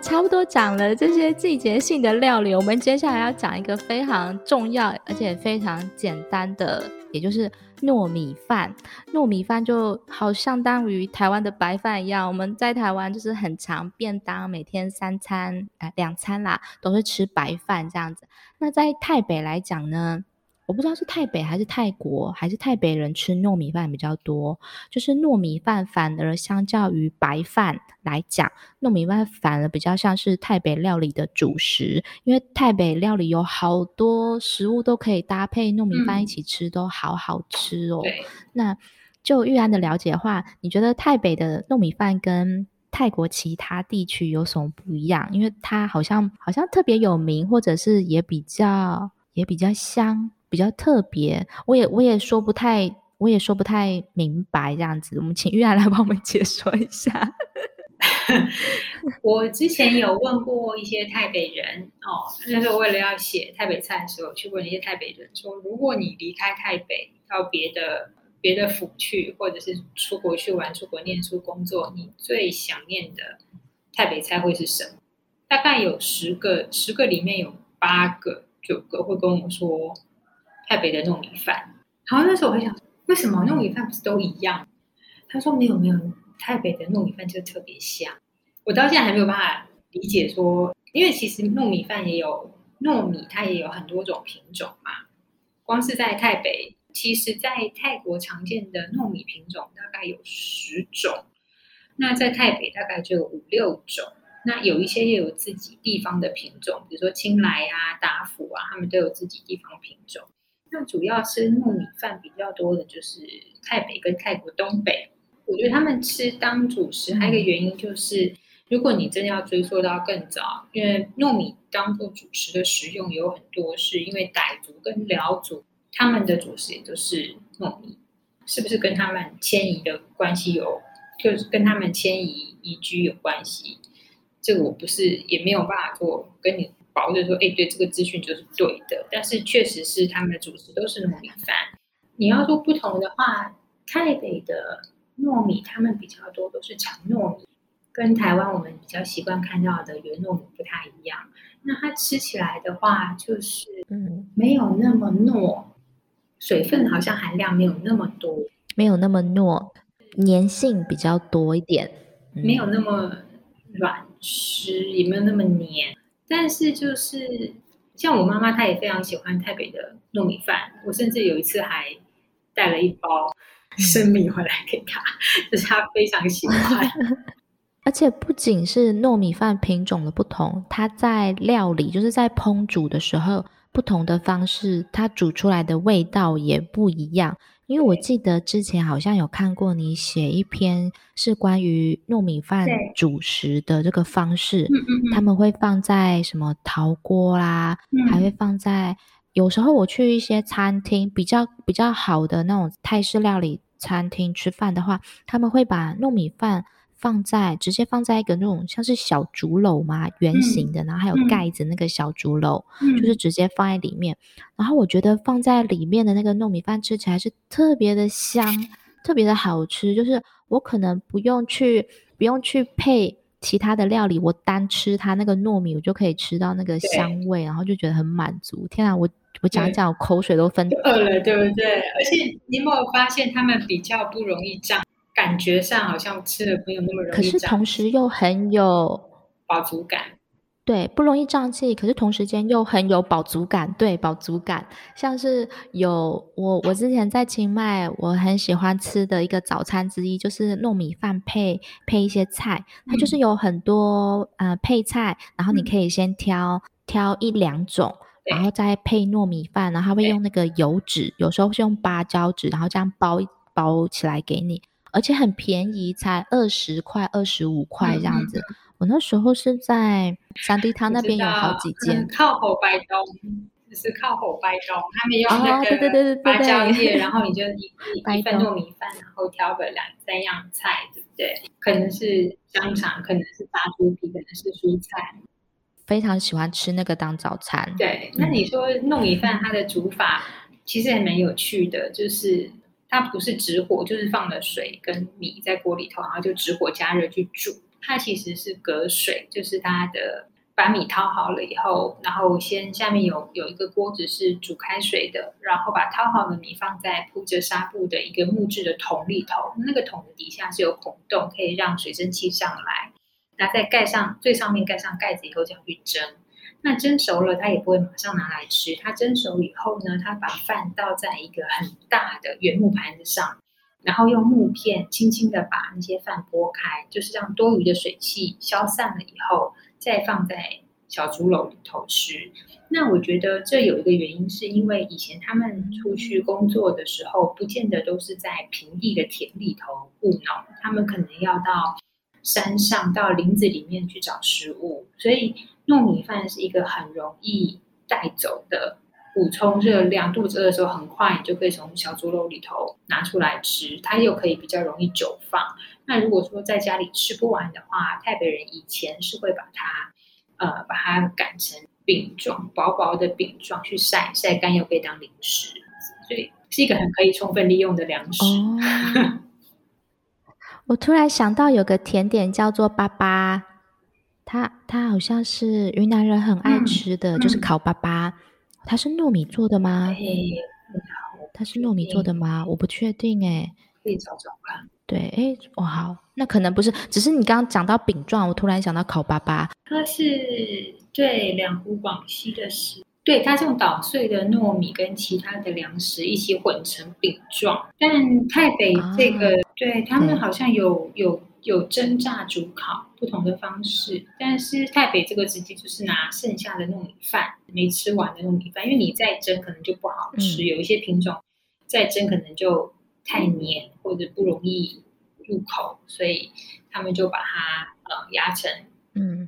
差不多講了這些季節性的料理，我們接下來要講一個非常重要而且非常簡單的，也就是。糯米飯，糯米飯就好相當於台灣的白飯一樣。我們在台灣就是很常便當，每天三餐、呃、兩餐啦，都是吃白飯這樣子。那在泰北來講呢？我不知道是泰北還是泰國，還是泰北人吃糯米飯比較多。就是糯米飯反而相較於白飯來講，糯米飯反而比較像是泰北料理的主食，因為泰北料理有好多食物都可以搭配糯米飯一起吃，都好好吃哦。嗯、對。那就玉安的了解的話，你覺得泰北的糯米飯跟泰國其他地區有什麼不一樣？因為它好像好像特別有名，或者是也比較也比較香。比較特別，我也我也說不太，我也說不太明白這樣子。我們請玉安來幫我們解說一下。 我之前有問過一些泰北人哦，但是我為了要寫泰北菜的時候，我去問一些泰北人說，如果你離開泰北到別的別的府去，或者是出國去玩、出國念書、工作，你最想念的泰北菜會是什麼？大概有十個，十個裡面有八個、九個會跟我說。泰北的糯米飯。好像那時候我還想，為什麼糯米飯不是都一樣？他說沒有沒有，泰北的糯米飯就特別香。我到現在還沒有辦法理解說，說因為其實糯米飯也有糯米，它也有很多種品種嘛。光是在泰北，其實在泰國常見的糯米品種大概有十種，那在泰北大概就有五六種。那有一些也有自己地方的品種，比如說，清萊啊、達府啊，他們都有自己地方品種。那主要吃糯米飯比較多的，就是泰北跟泰國東北。我覺得他們吃當主食，還有一個原因就是，如果你真的要追溯到更早，因為糯米當做主食的食用有很多，是因為傣族跟寮族他們的主食也都是糯米，是不是跟他們遷移的關係有，就是跟他們遷移移居有關係？這個我不是也沒有辦法做跟你。薄的說：“哎、欸，對，這個資訊就是對的。但是確實是他們的主食都是糯米飯。嗯、你要說不同的話，泰北的糯米他們比較多都是長糯米，跟台灣我們比較習慣看到的圓糯米不太一樣。那它吃起來的話，就是嗯，沒有那麼糯，水分好像含量沒有那麼多，沒有那麼糯，粘性比較多一點，嗯、沒有那麼軟濕，也沒有那麼黏。”但是就是像我媽媽，她也非常喜歡泰北的糯米飯。我甚至有一次還帶了一包生米回來給她，就是她非常喜歡。 而且不僅是糯米飯品種的不同，它在料理就是在烹煮的時候不同的方式，它煮出來的味道也不一樣。因為我記得之前好像有看過你寫一篇是關於糯米飯煮食的這個方式，對他們會放在什麼陶鍋啦，嗯、還會放在有時候我去一些餐廳比較比較好的那種泰式料理餐廳吃飯的話，他們會把糯米飯。放在直接放在一個那種像是小竹簍嘛，圓形的，嗯、然後還有蓋子、嗯、那個小竹簍，嗯、就是直接放在裡面。然後我覺得放在裡面的那個糯米飯吃起來是特別的香， 特別的好吃。就是我可能不用去不用去配其他的料理，我單吃它那個糯米，我就可以吃到那個香味，對然後就覺得很滿足。天啊，我我講講，嗯、口水都分餓了，對不對？嗯、而且你有沒有發現他們比較不容易脹？感覺上好像吃的沒有那麼容易，可是同時又很有飽足感。對，不容易脹氣，可是同時間又很有飽足感。對，飽足感，像是有我我之前在清邁，我很喜歡吃的一個早餐之一就是糯米飯配配一些菜，它就是有很多、嗯、呃配菜，然後你可以先挑、嗯、挑一兩種，嗯、然後再配糯米飯，然後它會用那個油紙，對有時候是用芭蕉紙，然後這樣包包起來給你。而且很便宜，才二十塊、二十五塊這樣子。嗯嗯我那時候是在三地攤那邊有好幾間，靠後。白粽、嗯，就是靠火白粽，他們用那個芭蕉葉，對、哦哦、對對對對對，然後你就一一份糯米飯，然後挑個兩三樣菜，對不對？東可能是香腸，可能是炸豬皮，可能是蔬菜，非常喜歡吃那個當早餐。對，嗯、那你說糯米飯它的煮法其實也蠻有趣的，就是。它不是直火，就是放了水跟米在鍋裡頭，然後就直火加熱去煮。它其實是隔水，就是它的把米淘好了以後，然後先下面有有一個鍋子是煮開水的，然後把淘好的米放在鋪着紗布的一個木質的桶裡頭，那個桶底下是有孔洞，可以讓水蒸氣上來。那再蓋上最上面蓋上蓋子以後，這樣去蒸。那蒸熟了，他也不會馬上拿來吃。他蒸熟以後呢，他把飯倒在一個很大的圓木盤子上，然後用木片輕輕的把那些飯撥開，就是讓多餘的水汽消散了以後，再放在小竹簍裡頭吃。那我覺得這有一個原因，是因為以前他們出去工作的時候，不見得都是在平地的田裡頭務農，他們可能要到山上、到林子裡面去找食物，所以，糯米飯是一個很容易帶走的補充熱量，肚子餓的時候很快你就可以從小竹簍裡頭拿出來吃，它又可以比較容易久放。那如果說在家裡吃不完的話，泰北人以前是會把它，呃，把它擀成餅狀，薄薄的餅狀去晒曬乾，又可以當零食，所以是一個很可以充分利用的糧食。哦、 我突然想到有個甜點叫做粑粑。他它好像是雲南人，很愛吃的，嗯、就是烤粑粑。它、嗯、是糯米做的嗎？它、哎哎嗯、是糯米做的嗎？我不確定哎，定欸、可以找找看。對，哎，哇，那可能不是，只是你剛剛講到餅狀，我突然想到烤粑粑。它是對兩湖廣西的是對，它這種搗碎的糯米跟其他的糧食一起混成餅狀。但泰北這個，啊、對他們好像有、嗯、有。有蒸、炸、烤、炸、煮、烤不同的方式，但是泰北這個直接就是拿剩下的糯米飯，沒吃完的糯米飯，因為你再蒸可能就不好吃，嗯、有一些品種再蒸可能就太黏，嗯、或者不容易入口，所以他們就把它呃壓成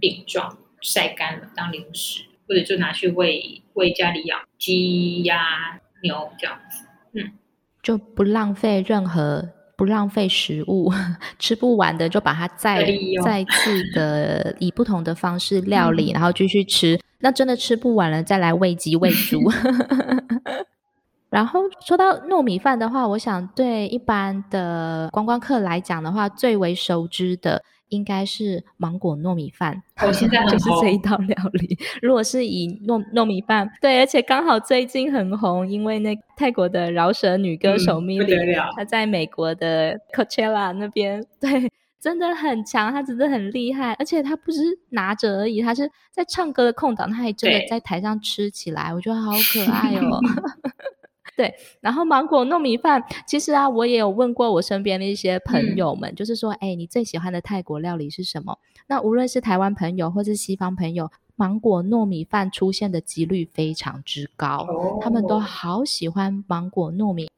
餅狀、嗯、曬乾了當零食，或者就拿去餵餵家裡養雞、雞、鴨、牛這樣子，嗯，就不浪費任何。不浪費食物，吃不完的就把它再再次的以不同的方式料理，嗯、然後繼續吃。那真的吃不完了，再來餵雞餵豬。 然後說到糯米飯的話，我想對一般的觀光客來講的話，最為熟知的。應該是芒果糯米飯，我、哦、現在就是這一道料理。如果是以糯糯米飯，對，而且剛好最近很紅，因為那泰國的饒舌女歌手米莉，嗯、她在美國的 Coachella 那邊，對，真的很強，她真的很厲害，而且她不是拿着而已，她是在唱歌的空檔，她還真的在台上吃起來，對我覺得好可愛哦。 對，然後芒果糯米飯，其實啊，我也有問過我身邊的一些朋友們，嗯、就是說，哎、欸，你最喜歡的泰國料理是什麼？那無論是台灣朋友或是西方朋友，芒果糯米飯出現的幾率非常之高，哦、他們都好喜歡芒果糯米。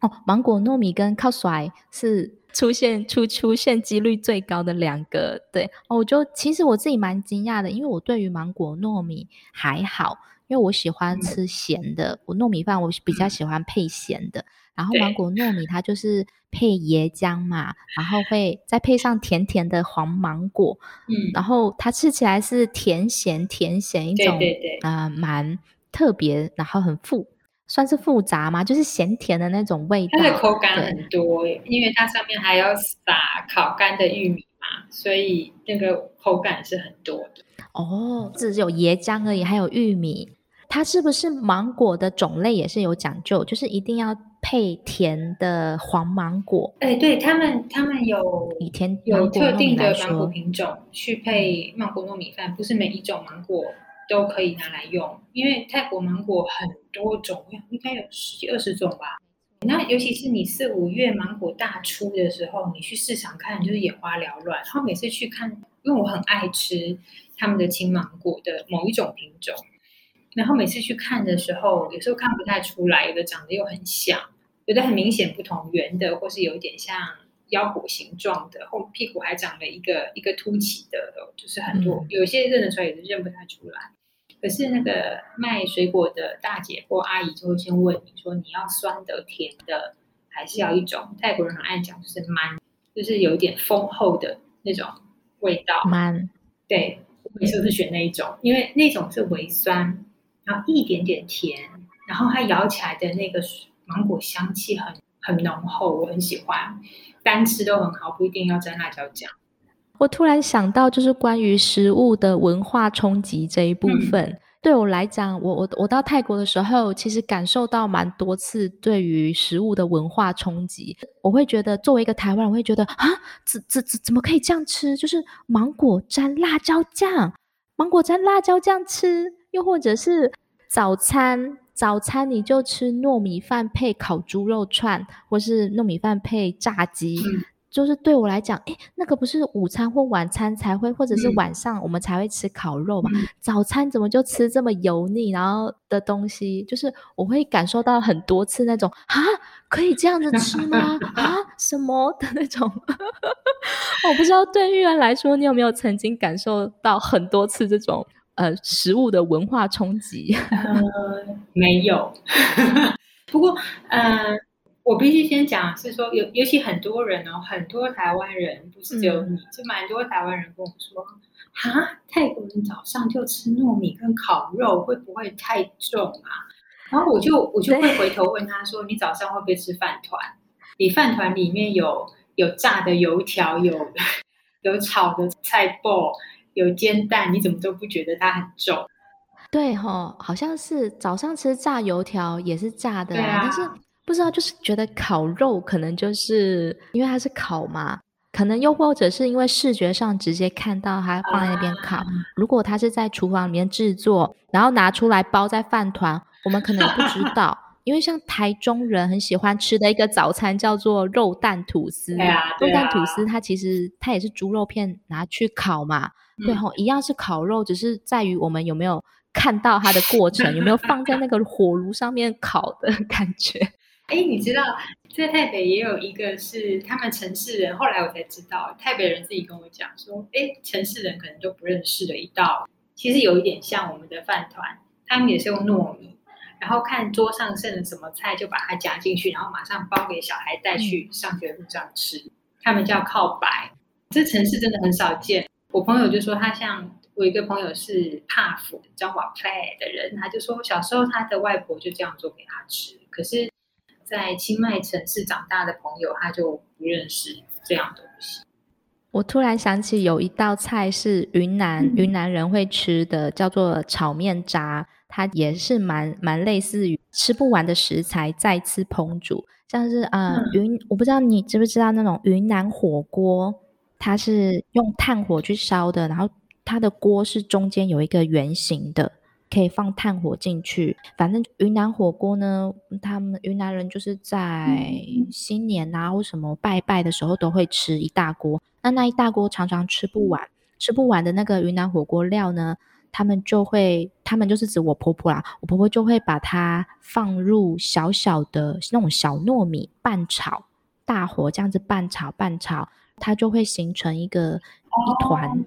哦，芒果糯米跟靠甩是出現出出現幾率最高的兩個。對，哦，我就其實我自己蠻驚訝的，因為我對於芒果糯米還好。因為我喜歡吃鹹的，嗯、我糯米飯我比較喜歡配鹹的，嗯、然後芒果糯米它就是配椰漿嘛，對然後會再配上甜甜的黃芒果，嗯，嗯，然後它吃起來是甜鹹甜鹹一種，啊、呃，蠻特別，然後很複，算是複雜嘛，就是鹹甜的那種味道，它的口感很多，對因為它上面還要撒烤乾的玉米嘛，所以那個口感是很多的。哦，只有椰漿而已，還有玉米。它是不是芒果的種類也是有講究？就是一定要配甜的黃芒果？哎、欸，對他們，他們有以前有特定的芒果品種去配芒果糯米飯，不是每一種芒果都可以拿來用，因為泰國芒果很多種，應該有十幾二十種吧。那尤其是你四五月芒果大出的時候，你去市場看就是眼花繚亂。然後每次去看，因為我很愛吃他們的青芒果的某一種品種。然後每次去看的時候，有時候看不太出來，有的長得又很像，有的很明顯不同，圓的或是有一點像腰果形狀的，後屁股還長了一個一個凸起的，就是很多、嗯、有些認得出來，也是認不太出來。可是那個賣水果的大姐或阿姨就會先問你說，你要酸的、甜的，還是要一種？嗯、泰國人很愛講就是蠻，就是有一點豐厚的那種味道，蠻慢對，我是不是選那一種，嗯、因為那種是微酸。然後一點點甜，然後它咬起來的那個芒果香氣很很濃厚，我很喜歡，單吃都很好，不一定要沾辣椒醬。我突然想到，就是關於食物的文化衝擊這一部分，嗯、對我來講，我我我到泰國的時候，其實感受到蠻多次對於食物的文化衝擊。我會覺得，作為一個台灣人，我會覺得啊，怎怎怎麼可以這樣吃？就是芒果沾辣椒醬，芒果沾辣椒醬吃。又或者是早餐，早餐你就吃糯米飯配烤豬肉串，或是糯米飯配炸雞，嗯、就是對我來講，誒，那個不是午餐或晚餐才會，或者是晚上我們才會吃烤肉嘛？嗯、早餐怎麼就吃這麼油膩，然後的東西？就是我會感受到很多次那種啊，可以這樣子吃嗎？啊， 什麼的那種？ 我不知道對玉然來說，你有沒有曾經感受到很多次這種？呃，食物的文化衝擊、呃，沒有。 不過，呃，我必須先講，是說有，尤其很多人哦，很多台灣人，不是只有你，嗯嗯，就蠻多台灣人跟我說，啊，泰國人早上就吃糯米跟烤肉，嗯、會不會太重啊？然後我就我就會回頭問他說，對你早上會不會吃飯糰？你飯糰裡面有有炸的油條，有有炒的菜脯。有煎蛋，你怎麼都不覺得它很重？對哈、哦，好像是早上吃炸油條也是炸的、啊，啊、但是不知道，就是覺得烤肉可能就是因為它是烤嘛，可能又或者是因為視覺上直接看到它放在那邊烤，啊、如果它是在廚房裡面製作，然後拿出來包在飯團，我們可能也不知道。 因為像台中人很喜歡吃的一個早餐叫做肉蛋吐司，啊啊、肉蛋吐司它其實它也是豬肉片拿去烤嘛，嗯、對吼，一樣是烤肉，只是在於我們有沒有看到它的過程， 有沒有放在那個火爐上面烤的感覺。哎，你知道在台北也有一個，是他們城市人，後來我才知道台北人自己跟我講說，哎，城市人可能都不認識的一道，其實有一點像我們的飯團，他們也是用糯米。然後看桌上剩了什麼菜，就把它夾進去，然後馬上包給小孩帶去、嗯、上學路上吃。他們叫靠白，這城市真的很少見。我朋友就說，他像我一個朋友是帕府，叫瓦帕的人，他就說小時候他的外婆就這樣做給他吃。可是，在清邁城市長大的朋友，他就不認識這樣東西。我突然想起有一道菜是雲南雲南人會吃的，嗯、叫做炒麵炸。它也是蠻蠻類似於吃不完的食材再次烹煮，像是呃、嗯、雲，我不知道你知不知道那種雲南火鍋，它是用炭火去燒的，然後它的鍋是中間有一個圓形的，可以放炭火進去。反正雲南火鍋呢，他們雲南人就是在新年啊或什麼拜拜的時候都會吃一大鍋，那那一大鍋常常吃不完，吃不完的那個雲南火鍋料呢，他們就會，他們就是指我婆婆啦。我婆婆就會把它放入小小的那種小糯米，拌炒大火，這樣子拌炒拌炒，它就會形成一個、哦、一團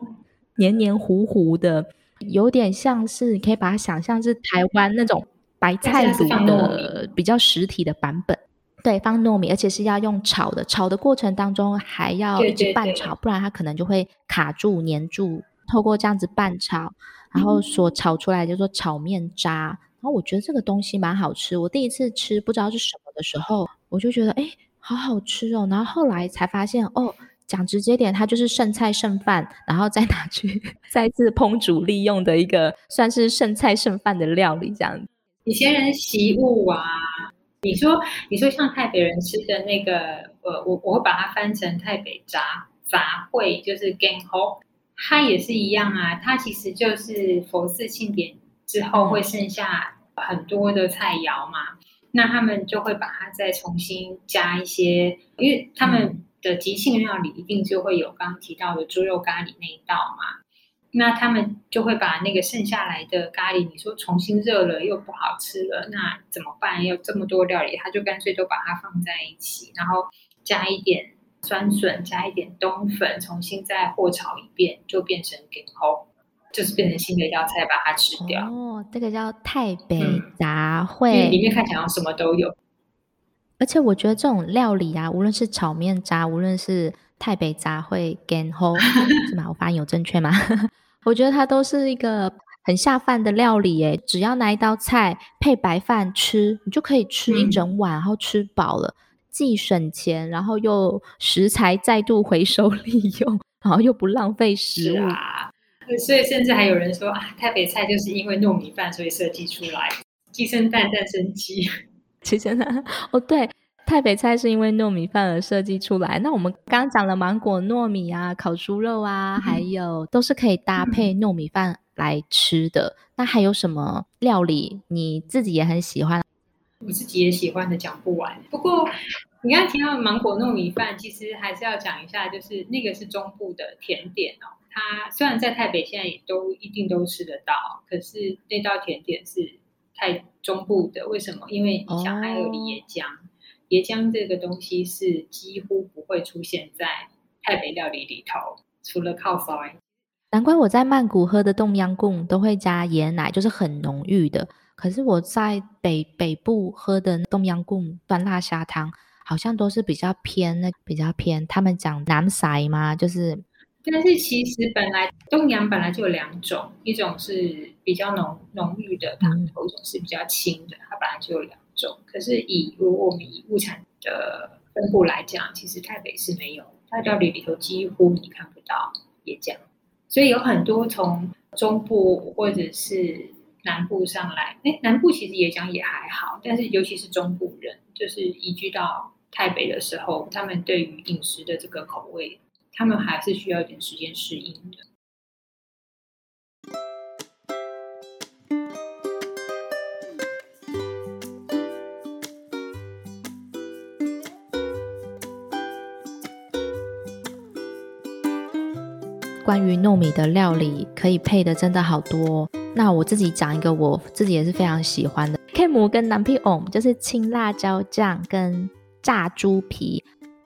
黏黏糊糊的，有點像是你可以把它想象是台灣那種白菜滷的比較實體的版本。對，放糯米，而且是要用炒的，炒的過程當中還要一直拌炒，對對對對不然它可能就會卡住、黏住。透過這樣子拌炒。然後所炒出來就是炒麵渣，然後我覺得這個東西蠻好吃。我第一次吃不知道是什麼的時候，我就覺得哎好好吃哦。然後後來才發現哦，講直接點，它就是剩菜剩飯，然後再拿去再次烹煮利用的一個算是剩菜剩飯的料理這樣。以前人惜物啊，你說你說像泰北人吃的那個，呃，我我會把它翻成泰北雜雜燴，就是 gaeng ho 它也是一樣啊，它其實就是佛寺慶典之後會剩下很多的菜肴嘛，那他們就會把它再重新加一些，因為他們的即興料理一定就會有剛剛提到的豬肉咖喱那一道嘛，那他們就會把那個剩下來的咖喱，你說重新熱了又不好吃了，那怎麼辦？有這麼多料理，他就乾脆都把它放在一起，然後加一點。酸筍加一點冬粉，重新再火炒一遍，就變成 gan ho，就是變成新的一道菜，把它吃掉。哦，這個叫泰北雜燴，嗯、裡面看起來什麼都有。而且我覺得這種料理啊，無論是炒麵渣，無論是泰北雜燴 gan ho 是嗎？我發音有正確嗎？ 我覺得它都是一個很下飯的料理誒，只要拿一道菜配白飯吃，你就可以吃一整碗，嗯、然後吃飽了。既省錢，然後又食材再度回收利用，然後又不浪費食物，啊、所以甚至還有人說啊，泰北菜就是因為糯米飯所以設計出來，雞生蛋蛋生雞，雞生蛋。哦。對，泰北菜是因為糯米飯而設計出來。那我們剛講了芒果、糯米啊、烤豬肉啊，嗯、還有都是可以搭配糯米飯來吃的。嗯、那還有什麼料理你自己也很喜歡？我自己也喜歡的講不完。不過你剛提到芒果糯米飯，其實還是要講一下，就是那個是中部的甜點哦。它雖然在泰北現在也都一定都吃得到，可是那道甜點是泰中部的。為什麼？因為你想還有椰漿，哦、椰漿這個東西是幾乎不會出現在泰北料理裡頭，除了靠燒。難怪我在曼谷喝的冬蔭功都會加椰奶，就是很濃郁的。可是我在北北部喝的冬陰功酸辣蝦湯，好像都是比較偏那個，比較偏。他們講南腮嘛，就是。但是其實本來冬陰本來就有兩種，一種是比較濃濃郁的湯頭，嗯、一種是比較清的。它本來就有兩種。可是以如果我們以物產的分布來講，其實泰北是沒有，大到底裡頭幾乎你看不到也講。所以有很多從中部或者是。南部上來、欸，南部其實也講也還好，但是尤其是中部人，就是移居到泰北的時候，他們對於飲食的這個口味，他們還是需要一點時間適應的。關於糯米的料理，可以配的真的好多。那我自己講一個，我自己也是非常喜歡的，Kem 跟 Nam Pion，就是青辣椒醬跟炸豬皮。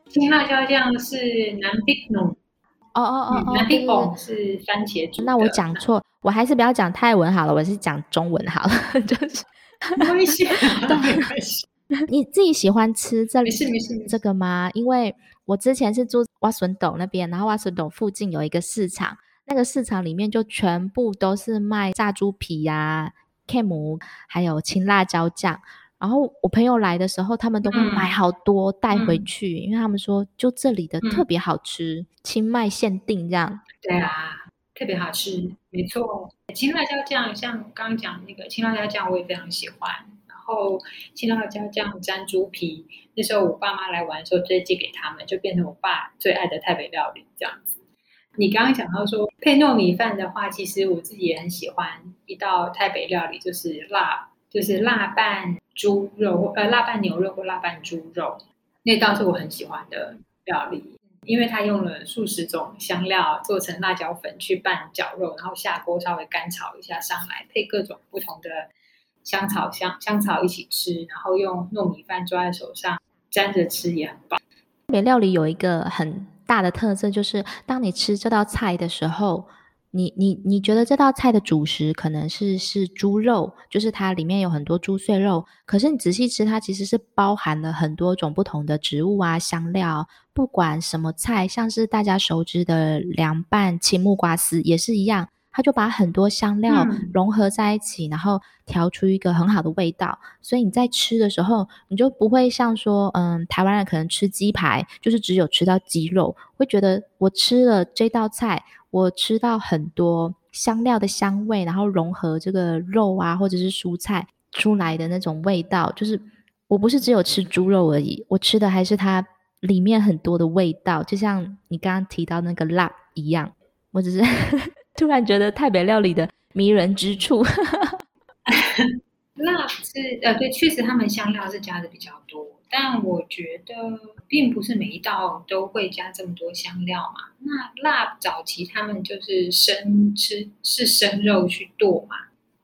青辣椒醬是 Nam Pion，哦哦哦哦，Nam Pion 是番茄醬。那我講錯，我還是不要講泰文好了，我是講中文好了，就是危險，沒關係。 對沒關係。你自己喜歡吃這裡這個嗎？因為我之前是住 Wat Suan Dok 那邊，然後 Wat Suan Dok 附近有一個市場。那個市場裡面就全部都是賣炸豬皮呀、啊、k 還有青辣椒醬。然後我朋友來的時候，他們都會買好多、嗯、帶回去，嗯、因為他們說就這裡的特別好吃，清邁、嗯、限定這樣。對啊，特別好吃，沒錯。青辣椒醬，像剛剛講那個青辣椒醬，我也非常喜歡。然後青辣椒醬沾豬皮，那時候我爸媽來玩的時候，直接寄給他們，就變成我爸最愛的泰北料理這樣子。你剛剛講到說配糯米飯的話，其實我自己也很喜歡一道泰北料理，就是辣，就是辣拌豬肉，呃，辣拌牛肉或辣拌豬肉，那道是我很喜歡的料理，因為它用了數十種香料做成辣椒粉去拌絞肉，然後下鍋稍微乾炒一下上來，配各種不同的香草香、香草一起吃，然後用糯米飯抓在手上沾着吃也很棒。泰北料理有一個很。大的特色就是，當你吃這道菜的時候，你你你覺得這道菜的主食可能是是豬肉，就是它裡面有很多豬碎肉。可是你仔細吃，它其實是包含了很多種不同的植物啊、香料。不管什麼菜，像是大家熟知的涼拌青木瓜絲也是一樣。他就把很多香料融合在一起，嗯、然後調出一個很好的味道。所以你在吃的時候，你就不會像說，嗯，台灣人可能吃雞排，就是只有吃到雞肉，會覺得我吃了這道菜，我吃到很多香料的香味，然後融合這個肉啊或者是蔬菜出來的那種味道，就是我不是只有吃豬肉而已，我吃的還是它裡面很多的味道，就像你剛剛提到那個辣一樣，我只是。 突然覺得泰北料理的迷人之處，辣是呃、對，確實他們香料是加的比較多，但我覺得並不是每一道都會加這麼多香料嘛。那辣早期他們就是生吃，是生肉去剁嘛，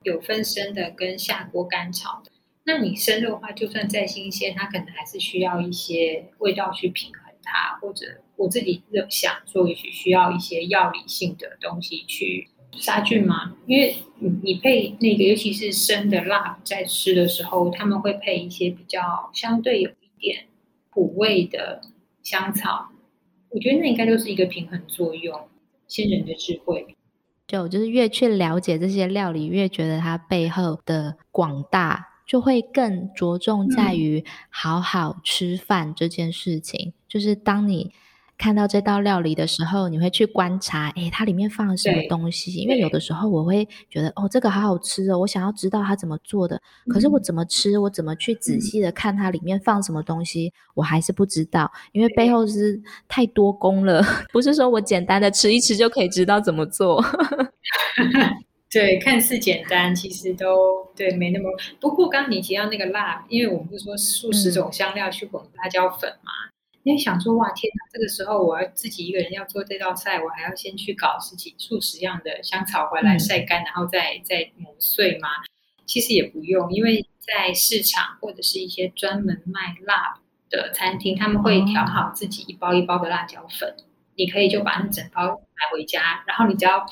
有分生的跟下鍋乾炒的。那你生肉的話，就算再新鮮，它可能還是需要一些味道去平衡它，或者。我自己有想說，也許需要一些藥理性的東西去殺菌嘛？因為你你配那個，尤其是生的辣在吃的時候，他們會配一些比較相對有一點苦味的香草。我覺得那應該就是一個平衡作用，先人的智慧。就就是越去了解這些料理，越覺得它背後的廣大，就會更着重在於好好吃飯這件事情。嗯、就是當你。看到這道料理的時候，你會去觀察，誒，它裡面放了什麼東西？對因為有的時候我會覺得，對哦，這個好好吃哦，我想要知道它怎麼做的。嗯、可是我怎麼吃，我怎麼去仔細的看它裡面放什麼東西，嗯、我還是不知道，因為背後是太多功了，對不是說我簡單的吃一吃就可以知道怎麼做。對, 對，看似簡單，其實都對，沒那麼。不過剛,剛你提到那個辣，因為我們不是說數十種香料去混辣椒粉嘛。嗯你想說哇天哪！這個時候我要自己一個人要做這道菜，我還要先去搞十幾數十樣的香草回來曬乾，嗯、然後再再磨碎嗎？其實也不用，因為在市場或者是一些專門賣辣的餐廳，他們會調好自己一包一包的辣椒粉，嗯、你可以就把那整包買回家，然後你只要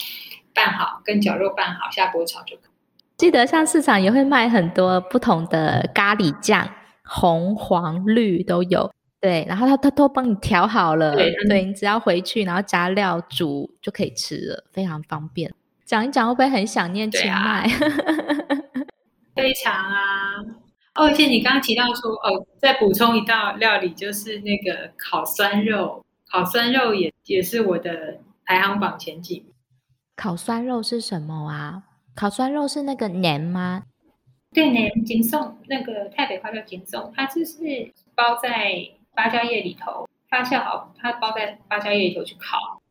拌好跟絞肉拌好下鍋炒就可以。記得像市場也會賣很多不同的咖喱醬，紅、黃、綠都有。對，然後他他都幫你調好了，對，對你只要回去然後加料煮就可以吃了，非常方便。講一講會不會很想念清邁？啊、 非常啊！哦，而且你剛剛提到說哦，再補充一道料理就是那個烤酸肉，烤酸肉也也是我的排行榜前幾名。烤酸肉是什麼啊？烤酸肉是那個年嗎？對，年金粽，那個泰北話叫金粽，它就是包在。芭蕉葉裡頭發酵好，它包在芭蕉葉裡頭去烤，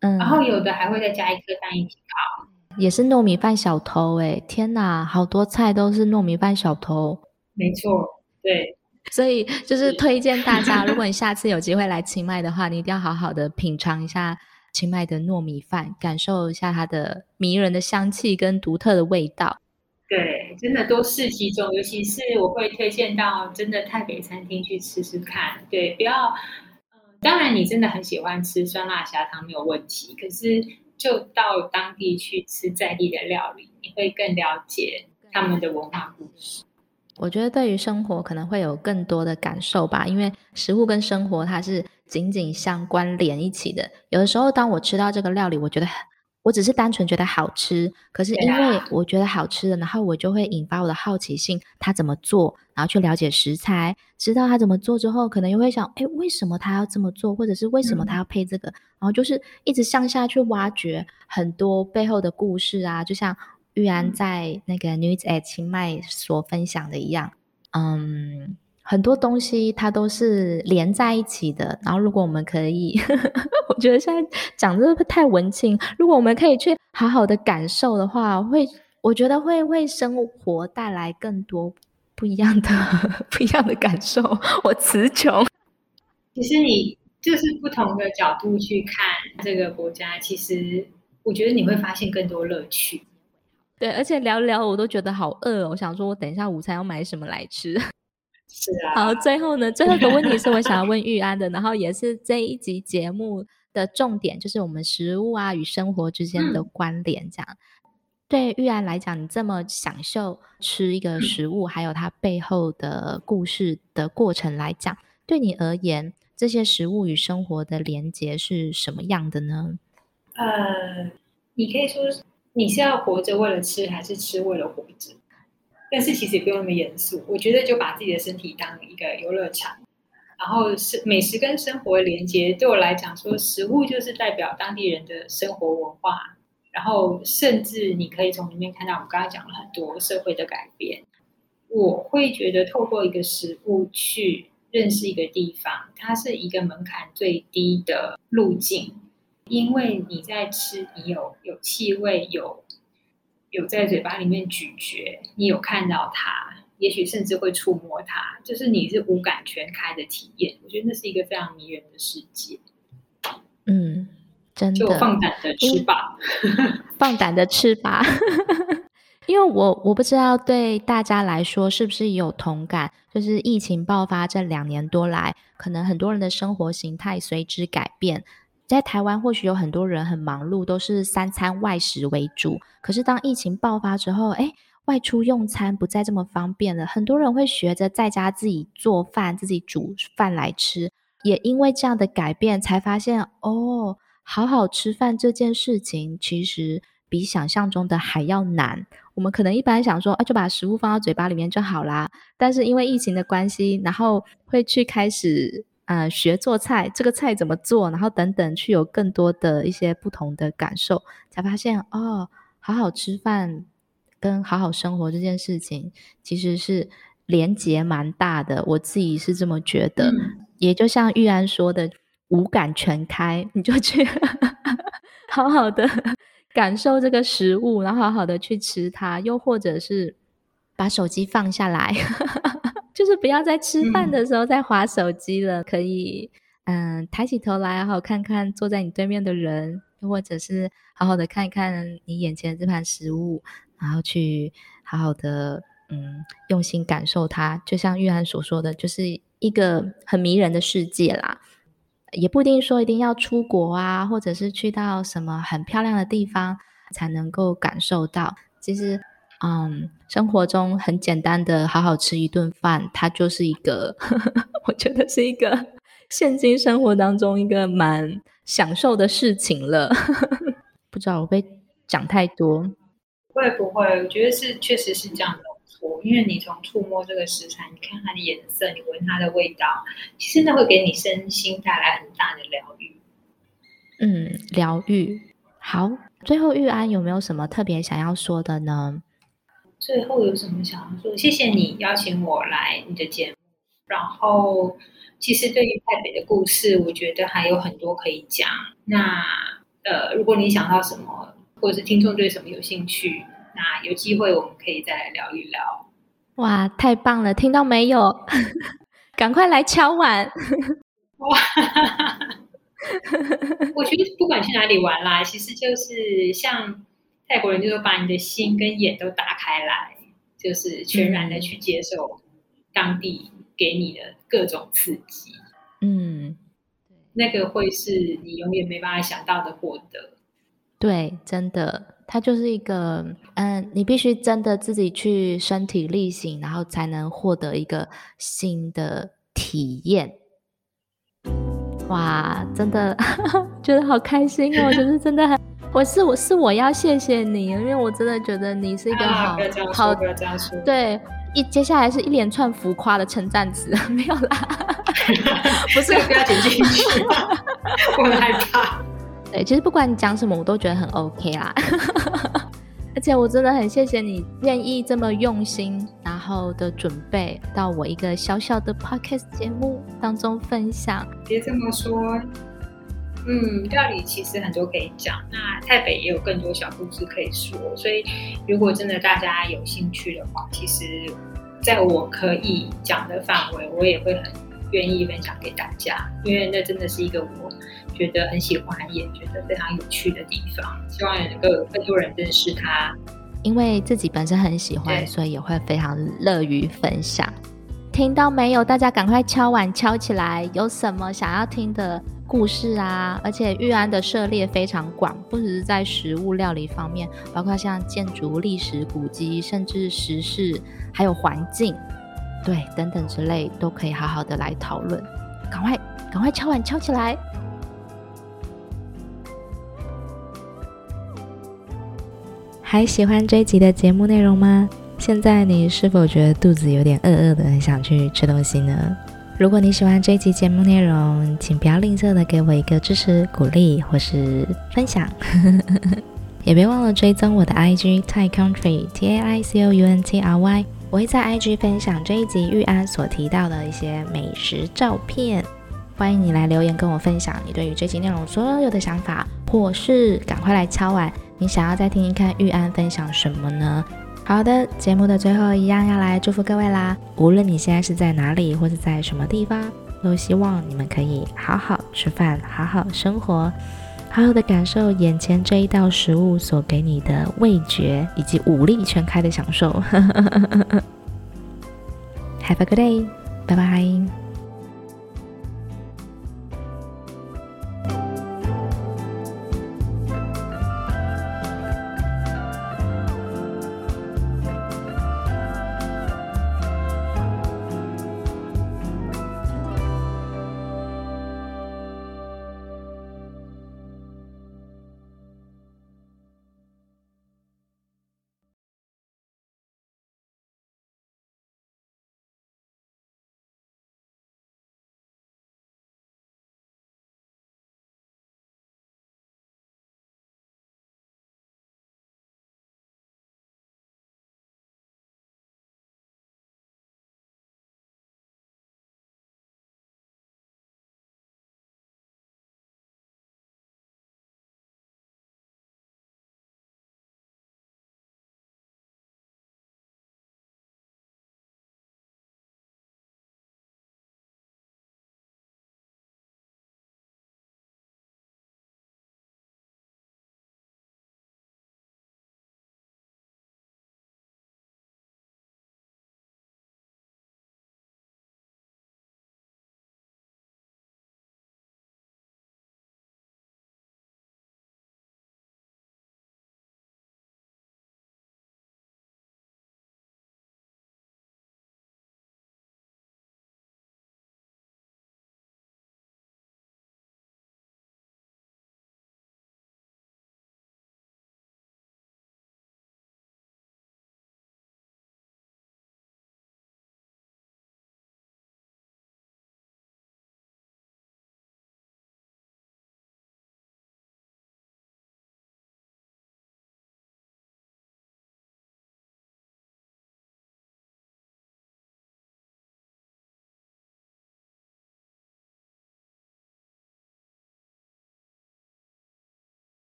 嗯，然後有的還會再加一顆蛋一起烤，也是糯米飯小偷哎、欸，天哪，好多菜都是糯米飯小偷，嗯、沒錯，對，所以就是推薦大家，是如果你下次有機會來清邁的話，你一定要好好的品嘗一下清邁的糯米飯，感受一下它的迷人的香氣跟獨特的味道，對。真的多試幾種，尤其是我會推薦到真的泰北餐廳去吃吃看。對，不要，嗯，當然你真的很喜歡吃酸辣蝦湯沒有問題，可是就到當地去吃在地的料理，你會更了解他們的文化故事。我覺得對於生活可能會有更多的感受吧，因為食物跟生活它是緊緊相關聯一起的。有的時候當我吃到這個料理，我覺得很。我只是單純覺得好吃，可是因為我覺得好吃的，Yeah. 然後我就會引發我的好奇心，他怎麼做，然後去了解食材，知道他怎麼做之後，可能又會想，哎，為什麼他要這麼做，或者是為什麼他要配這個，嗯、然後就是一直向下去挖掘很多背後的故事啊，就像玉安在那個女子＠清邁所分享的一樣，嗯。很多東西它都是連在一起的，然後如果我們可以，呵呵我覺得現在講這個太文青。如果我們可以去好好的感受的話，會我覺得會為生活帶來更多不一樣的不一樣的感受。我詞窮。其實你就是不同的角度去看這個國家，其實我覺得你會發現更多樂趣。對，而且聊聊我都覺得好餓，我想說我等一下午餐要買什麼來吃。是啊、好，最後呢，最後一個問題是我想要問玉安的， 然後也是這一集節目的重點，就是我們食物啊與生活之間的關聯。這樣、嗯、對玉安來講，你這麼享受吃一個食物，還有它背後的故事的過程來講，嗯、對你而言，這些食物與生活的連結是什麼樣的呢？呃，你可以說你是要活着為了吃，還是吃為了活着？但是其實也不用那麼嚴肅，我覺得就把自己的身體當一個遊樂場，然後是美食跟生活連接，對我來講說食物就是代表當地人的生活文化，然後甚至你可以從裡面看到我們剛剛講了很多社會的改變，我會覺得透過一個食物去認識一個地方，它是一個門檻最低的路徑，因為你在吃，你有有氣味，有。有在嘴巴裡面咀嚼，你有看到它，也許甚至會觸摸它，就是你是五感全開的體驗。我覺得那是一個非常迷人的世界。嗯，真的，就放膽的吃吧，嗯，放膽的吃吧。 因為我我不知道對大家來說是不是有同感，就是疫情爆發這兩年多來，可能很多人的生活形態隨之改變。在台灣，或許有很多人很忙碌，都是三餐外食為主。可是當疫情爆發之後，誒，外出用餐不再這麼方便了。很多人會學着在家自己做飯，自己煮飯來吃。也因為這樣的改變，才發現哦，好好吃飯這件事情，其實比想象中的還要難。我們可能一般想說，啊，就把食物放到嘴巴裡面就好啦。但是因為疫情的關係，然後會去開始。啊、呃，學做菜，這個菜怎麼做，然後等等，去有更多的一些不同的感受，才發現哦，好好吃飯跟好好生活這件事情其實是連結蠻大的，我自己是這麼覺得。嗯、也就像玉安說的，五感全開，你就去 好好的感受這個食物，然後好好的去吃它，又或者是把手機放下來。 就是不要在吃飯的時候再滑手機了，嗯、可以嗯、呃、抬起頭來，好好看看坐在你對面的人，或者是好好的看一看你眼前的這盤食物，然後去好好的嗯用心感受它。就像玉涵所說的，就是一個很迷人的世界啦，也不一定說一定要出國啊，或者是去到什麼很漂亮的地方才能夠感受到。其實。嗯，生活中很簡單的好好吃一頓飯，它就是一個，呵呵呵，我覺得是一個現今生活當中一個蠻享受的事情了。呵呵呵，不知道我被講太多，會不會？我覺得是確實是這樣沒錯。因為你從觸摸這個食材，你看它的顏色，你聞它的味道，其實那會給你身心帶來很大的療癒。嗯，療癒。好，最後，玉安有沒有什麼特別想要說的呢？最後有什麼想要說？謝謝你邀請我來你的節目。然後，其實對於泰北的故事，我覺得還有很多可以講。那呃，如果你想到什麼，或者是聽眾對什麼有興趣，那有機會我們可以再來聊一聊。哇，太棒了！聽到沒有？趕 快來敲碗！哇 我覺得不管去哪裡玩啦，其實就是像。泰國人就是把你的心跟眼都打開來，就是全然的去接受當地給你的各種刺激。嗯，那個會是你永遠沒辦法想到的獲得。對，真的，它就是一個……嗯，你必須真的自己去身體力行，然後才能獲得一個新的體驗。哇，真的呵呵覺得好開心哦！就是真的很。 我是我是我要謝謝你，因為我真的覺得你是一個好好、啊。不要這樣說，好不要對，一接下來是一連串浮誇的稱讚詞， 沒有啦。 不是 不要剪進去？ 我害怕。對，其實不管你講什麼，我都覺得很 OK 啦。 而且我真的很謝謝你願意這麼用心，然後的準備到我一個小小的 Podcast 節目當中分享。別這麼說。嗯，料理其實很多可以講，那泰北也有更多小故事可以說。所以，如果真的大家有興趣的話，其實在我可以講的範圍，我也會很願意分享給大家，因為那真的是一個我覺得很喜歡也覺得非常有趣的地方。希望能夠有更多人認識它，因為自己本身很喜歡，對所以也會非常樂於分享。聽到沒有？大家趕快敲碗敲起來，有什麼想要聽的？故事啊，而且玉安的涉獵非常廣，不只是在食物料理方面，包括像建築、歷史、古蹟、甚至時事、還有環境，對，等等之類都可以好好的來討論。趕快，趕快敲碗敲起來！還喜歡這集的節目內容嗎？現在你是否覺得肚子有點餓餓的，很想去吃東西呢？如果你喜歡這一集節目內容，請不要吝嗇地給我一個支持、鼓勵或是分享， 也別忘了追蹤我的 IG Tai Country T A I C O U N T R Y，我會在 IG 分享這一集玉安所提到的一些美食照片。歡迎你來留言跟我分享你對於這集內容所有的想法，或是趕快來敲碗，你想要再聽一看玉安分享什麼呢？好的，節目的最後一樣要來祝福各位啦！無論你現在是在哪裡，或者在什麼地方，都希望你們可以好好吃飯，好好生活，好好的感受眼前這一道食物所給你的味覺以及五力全開的享受。 Have a good day，拜拜。